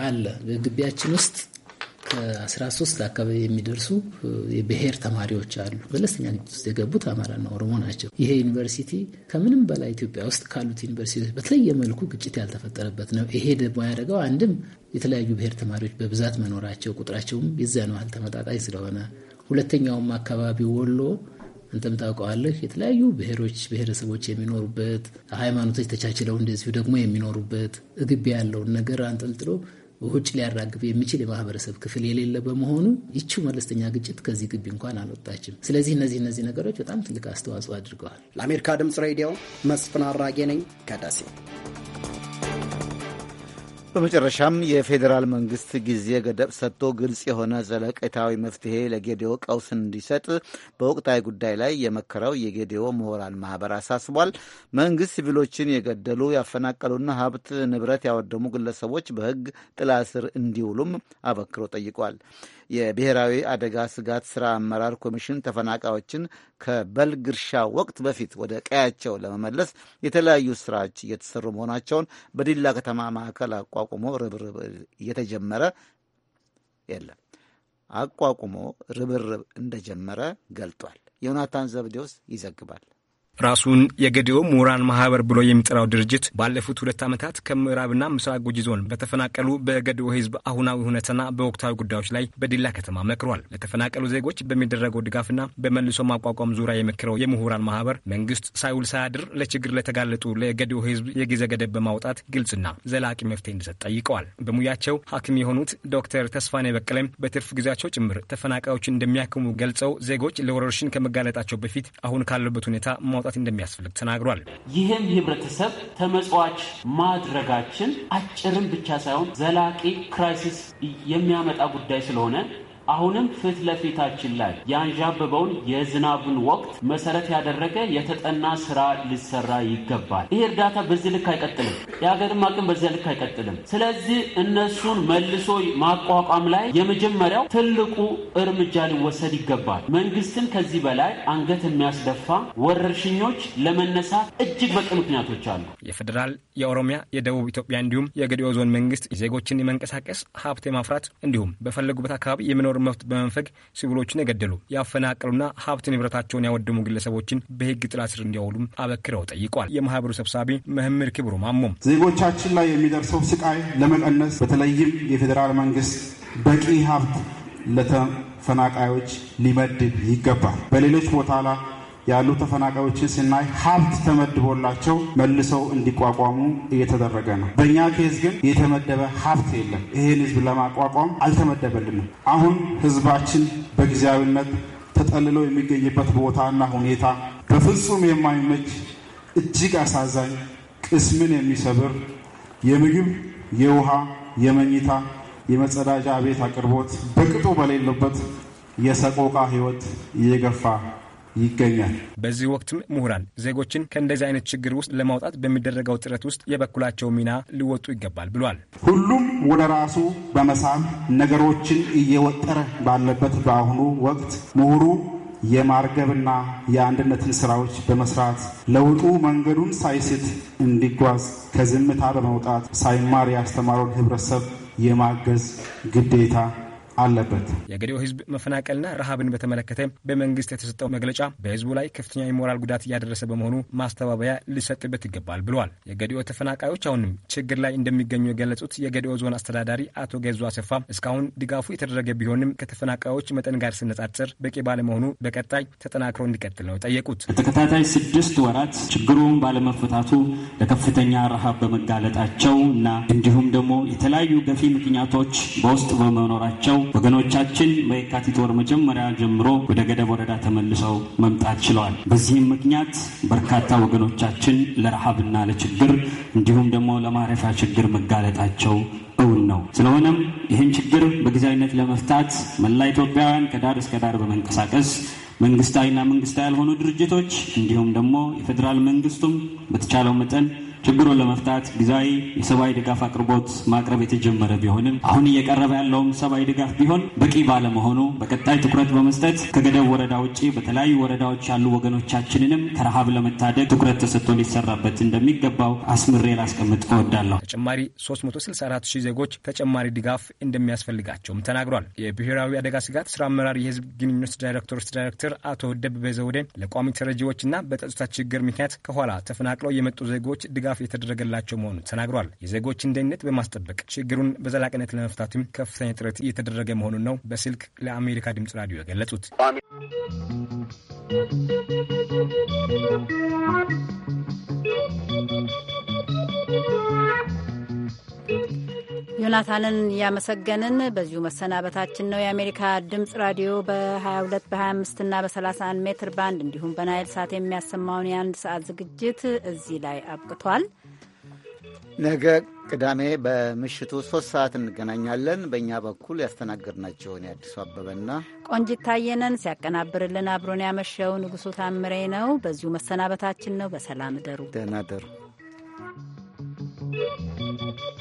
አለ ግቢያችን ውስጥ 13 አካባቢ የሚደርሱ የብሔር ተማሪዎች አሉ። በለስተኛ ግጭት ውስጥ የገቡት አማራና ኦሮሞ ናቸው። ይሄ ዩኒቨርሲቲ ከምንም በላይ ኢትዮጵያ ውስጥ ካሉት ዩኒቨርሲቲዎች በተለየ መልኩ ግጭት ያልተፈጠረበት ነው። ይሄ ደግሞ ያደረገው አንድም የተለያዩ ብሔር ተማሪዎች በብዛት መኖራቸው፣ ቁጥራቸውም የዚያን ያህል ተመጣጣኝ ስለሆነ፣ ሁለተኛውም አካባቢ ወሎ አንተም ታውቀዋለህ። የተለያዩ ብሔሮች፣ ብሔረሰቦች የሚኖሩበት ሃይማኖቶች ተቻችለው እንደዚሁ ደግሞ የሚኖሩበት ግቢ ያለውን ነገር አንጠልጥሎ ውጭ ሊያራግብ የሚችል የማህበረሰብ ክፍል የሌለ በመሆኑ ይችው መለስተኛ ግጭት ከዚህ ግቢ እንኳን አልወጣችም። ስለዚህ እነዚህ እነዚህ ነገሮች በጣም ትልቅ አስተዋጽኦ አድርገዋል። ለአሜሪካ ድምፅ ሬዲዮ መስፍን አራጌ ነኝ ከደሴ። በመጨረሻም የፌዴራል መንግስት ጊዜ ገደብ ሰጥቶ ግልጽ የሆነ ዘለቄታዊ መፍትሄ ለጌዲዮ ቀውስ እንዲሰጥ በወቅታዊ ጉዳይ ላይ የመከረው የጌዲዮ ምሁራን ማህበር አሳስቧል። መንግስት ሲቪሎችን የገደሉ ያፈናቀሉና ሀብት ንብረት ያወደሙ ግለሰቦች በህግ ጥላ ስር እንዲውሉም አበክሮ ጠይቋል። የብሔራዊ አደጋ ስጋት ስራ አመራር ኮሚሽን ተፈናቃዮችን ከበልግ እርሻ ወቅት በፊት ወደ ቀያቸው ለመመለስ የተለያዩ ስራዎች እየተሰሩ መሆናቸውን በዲላ ከተማ ማዕከል አቋቁሞ ርብርብ እየተጀመረ የለም አቋቁሞ ርብርብ እንደጀመረ ገልጧል። ዮናታን ዘብዴዎስ ይዘግባል። ራሱን የገዲኦ ምሁራን ማህበር ብሎ የሚጠራው ድርጅት ባለፉት ሁለት ዓመታት ከምዕራብና ምስራቅ ጉጂ ዞን በተፈናቀሉ በገዲኦ ህዝብ አሁናዊ ሁነትና በወቅታዊ ጉዳዮች ላይ በዲላ ከተማ መክሯል። ለተፈናቀሉ ዜጎች በሚደረገው ድጋፍና በመልሶ ማቋቋም ዙሪያ የመክረው የምሁራን ማህበር መንግስት ሳይውል ሳያድር ለችግር ለተጋለጡ ለገዲኦ ህዝብ የጊዜ ገደብ በማውጣት ግልጽና ዘላቂ መፍትሄ እንዲሰጥ ጠይቀዋል። በሙያቸው ሐኪም የሆኑት ዶክተር ተስፋኔ በቀለም በትርፍ ጊዜያቸው ጭምር ተፈናቃዮችን እንደሚያክሙ ገልጸው ዜጎች ለወረርሽን ከመጋለጣቸው በፊት አሁን ካለበት ሁኔታ ማውጣት ትኩረት እንደሚያስፈልግ ተናግሯል። ይህም ህብረተሰብ ተመጽዋች ማድረጋችን አጭርም ብቻ ሳይሆን ዘላቂ ክራይሲስ የሚያመጣ ጉዳይ ስለሆነ አሁንም ፊት ለፊታችን ላይ ያንዣበበውን የዝናቡን ወቅት መሰረት ያደረገ የተጠና ስራ ሊሰራ ይገባል። ይህ እርዳታ በዚህ ልክ አይቀጥልም። የሀገርም አቅም በዚያ ልክ አይቀጥልም። ስለዚህ እነሱን መልሶ ማቋቋም ላይ የመጀመሪያው ትልቁ እርምጃ ሊወሰድ ይገባል። መንግስትን ከዚህ በላይ አንገት የሚያስደፋ ወረርሽኞች ለመነሳት እጅግ በቂ ምክንያቶች አሉ። የፌዴራል፣ የኦሮሚያ፣ የደቡብ ኢትዮጵያ እንዲሁም የገዲኦ ዞን መንግስት ዜጎችን የመንቀሳቀስ ሀብት የማፍራት እንዲሁም በፈለጉበት አካባቢ የሚኖሩ መብት በመንፈግ ሲቪሎችን የገደሉ ያፈናቀሉና ሀብት ንብረታቸውን ያወደሙ ግለሰቦችን በህግ ጥላ ስር እንዲያውሉም አበክረው ጠይቋል። የማህበሩ ሰብሳቢ መህምር ክብሩ ማሞም ዜጎቻችን ላይ የሚደርሰው ስቃይ ለመቀነስ በተለይም የፌዴራል መንግስት በቂ ሀብት ለተፈናቃዮች ሊመድብ ይገባል። በሌሎች ቦታ ያሉ ተፈናቃዮችን ስናይ ሀብት ተመድቦላቸው መልሰው እንዲቋቋሙ እየተደረገ ነው። በእኛ ኬዝ ግን የተመደበ ሀብት የለም። ይህን ህዝብ ለማቋቋም አልተመደበልንም። አሁን ህዝባችን በጊዜያዊነት ተጠልለው የሚገኝበት ቦታና ሁኔታ በፍጹም የማይመች እጅግ አሳዛኝ፣ ቅስምን የሚሰብር የምግብ የውሃ የመኝታ የመጸዳጃ ቤት አቅርቦት በቅጡ በሌለበት የሰቆቃ ህይወት እየገፋ ይገኛል። በዚህ ወቅትም ምሁራን ዜጎችን ከእንደዚህ አይነት ችግር ውስጥ ለማውጣት በሚደረገው ጥረት ውስጥ የበኩላቸው ሚና ሊወጡ ይገባል ብሏል። ሁሉም ወደ ራሱ በመሳብ ነገሮችን እየወጠረ ባለበት በአሁኑ ወቅት ምሁሩ የማርገብና የአንድነትን ስራዎች በመስራት ለውጡ መንገዱን ሳይስት እንዲጓዝ ከዝምታ በመውጣት ሳይማር ያስተማረውን ህብረተሰብ የማገዝ ግዴታ አለበት። የገዲኦ ህዝብ መፈናቀልና ረሃብን በተመለከተ በመንግስት የተሰጠው መግለጫ በህዝቡ ላይ ከፍተኛ የሞራል ጉዳት እያደረሰ በመሆኑ ማስተባበያ ሊሰጥበት ይገባል ብለዋል። የገዲኦ ተፈናቃዮች አሁንም ችግር ላይ እንደሚገኙ የገለጹት የገዲኦ ዞን አስተዳዳሪ አቶ ገዙ አሰፋ እስካሁን ድጋፉ የተደረገ ቢሆንም ከተፈናቃዮች መጠን ጋር ሲነጻጸር በቂ ባለመሆኑ በቀጣይ ተጠናክሮ እንዲቀጥል ነው የጠየቁት። በተከታታይ ስድስት ወራት ችግሩን ባለመፈታቱ ለከፍተኛ ረሃብ በመጋለጣቸው እና እንዲሁም ደግሞ የተለያዩ ገፊ ምክንያቶች በውስጥ በመኖራቸው ወገኖቻችን በየካቲት ወር መጀመሪያ ጀምሮ ወደ ገደብ ወረዳ ተመልሰው መምጣት ችለዋል። በዚህም ምክንያት በርካታ ወገኖቻችን ለረሃብና ለችግር እንዲሁም ደግሞ ለማረፊያ ችግር መጋለጣቸው እውን ነው። ስለሆነም ይህን ችግር በጊዜያዊነት ለመፍታት መላ ኢትዮጵያውያን ከዳር እስከ ዳር በመንቀሳቀስ መንግስታዊና መንግስታዊ ያልሆኑ ድርጅቶች እንዲሁም ደግሞ የፌዴራል መንግስቱም በተቻለው መጠን ችግሩን ለመፍታት ጊዜያዊ የሰብአዊ ድጋፍ አቅርቦት ማቅረብ የተጀመረ ቢሆንም አሁን እየቀረበ ያለውም ሰብአዊ ድጋፍ ቢሆን በቂ ባለመሆኑ በቀጣይ ትኩረት በመስጠት ከገደብ ወረዳ ውጭ በተለያዩ ወረዳዎች ያሉ ወገኖቻችንንም ከረሃብ ለመታደግ ትኩረት ተሰጥቶ ሊሰራበት እንደሚገባው አስምሬ ላስቀምጥ እወዳለሁ። ተጨማሪ 364 ሺህ ዜጎች ተጨማሪ ድጋፍ እንደሚያስፈልጋቸውም ተናግሯል። የብሔራዊ አደጋ ስጋት ስራ አመራር የህዝብ ግንኙነት ዳይሬክተሮች ዳይሬክተር አቶ ደብ ዘውዴን ለቋሚ ተረጂዎችና በጸጥታ ችግር ምክንያት ከኋላ ተፈናቅለው የመጡ ዜጎች ድጋፍ ድጋፍ የተደረገላቸው መሆኑን ተናግሯል። የዜጎችን ደህንነት በማስጠበቅ ችግሩን በዘላቂነት ለመፍታትም ከፍተኛ ጥረት እየተደረገ መሆኑን ነው በስልክ ለአሜሪካ ድምጽ ራዲዮ የገለጹት። ዮናታንን እያመሰገንን በዚሁ መሰናበታችን ነው። የአሜሪካ ድምፅ ራዲዮ በ22 በ25 እና በ31 ሜትር ባንድ እንዲሁም በናይል ሳት የሚያሰማውን የአንድ ሰዓት ዝግጅት እዚህ ላይ አብቅቷል። ነገ ቅዳሜ በምሽቱ ሶስት ሰዓት እንገናኛለን። በእኛ በኩል ያስተናገድናቸውን የአዲሱ አበበና ቆንጂት ታየነን ሲያቀናብርልን አብሮን ያመሸው ንጉሱ ታምሬ ነው። በዚሁ መሰናበታችን ነው። በሰላም ደሩ። ደህና you.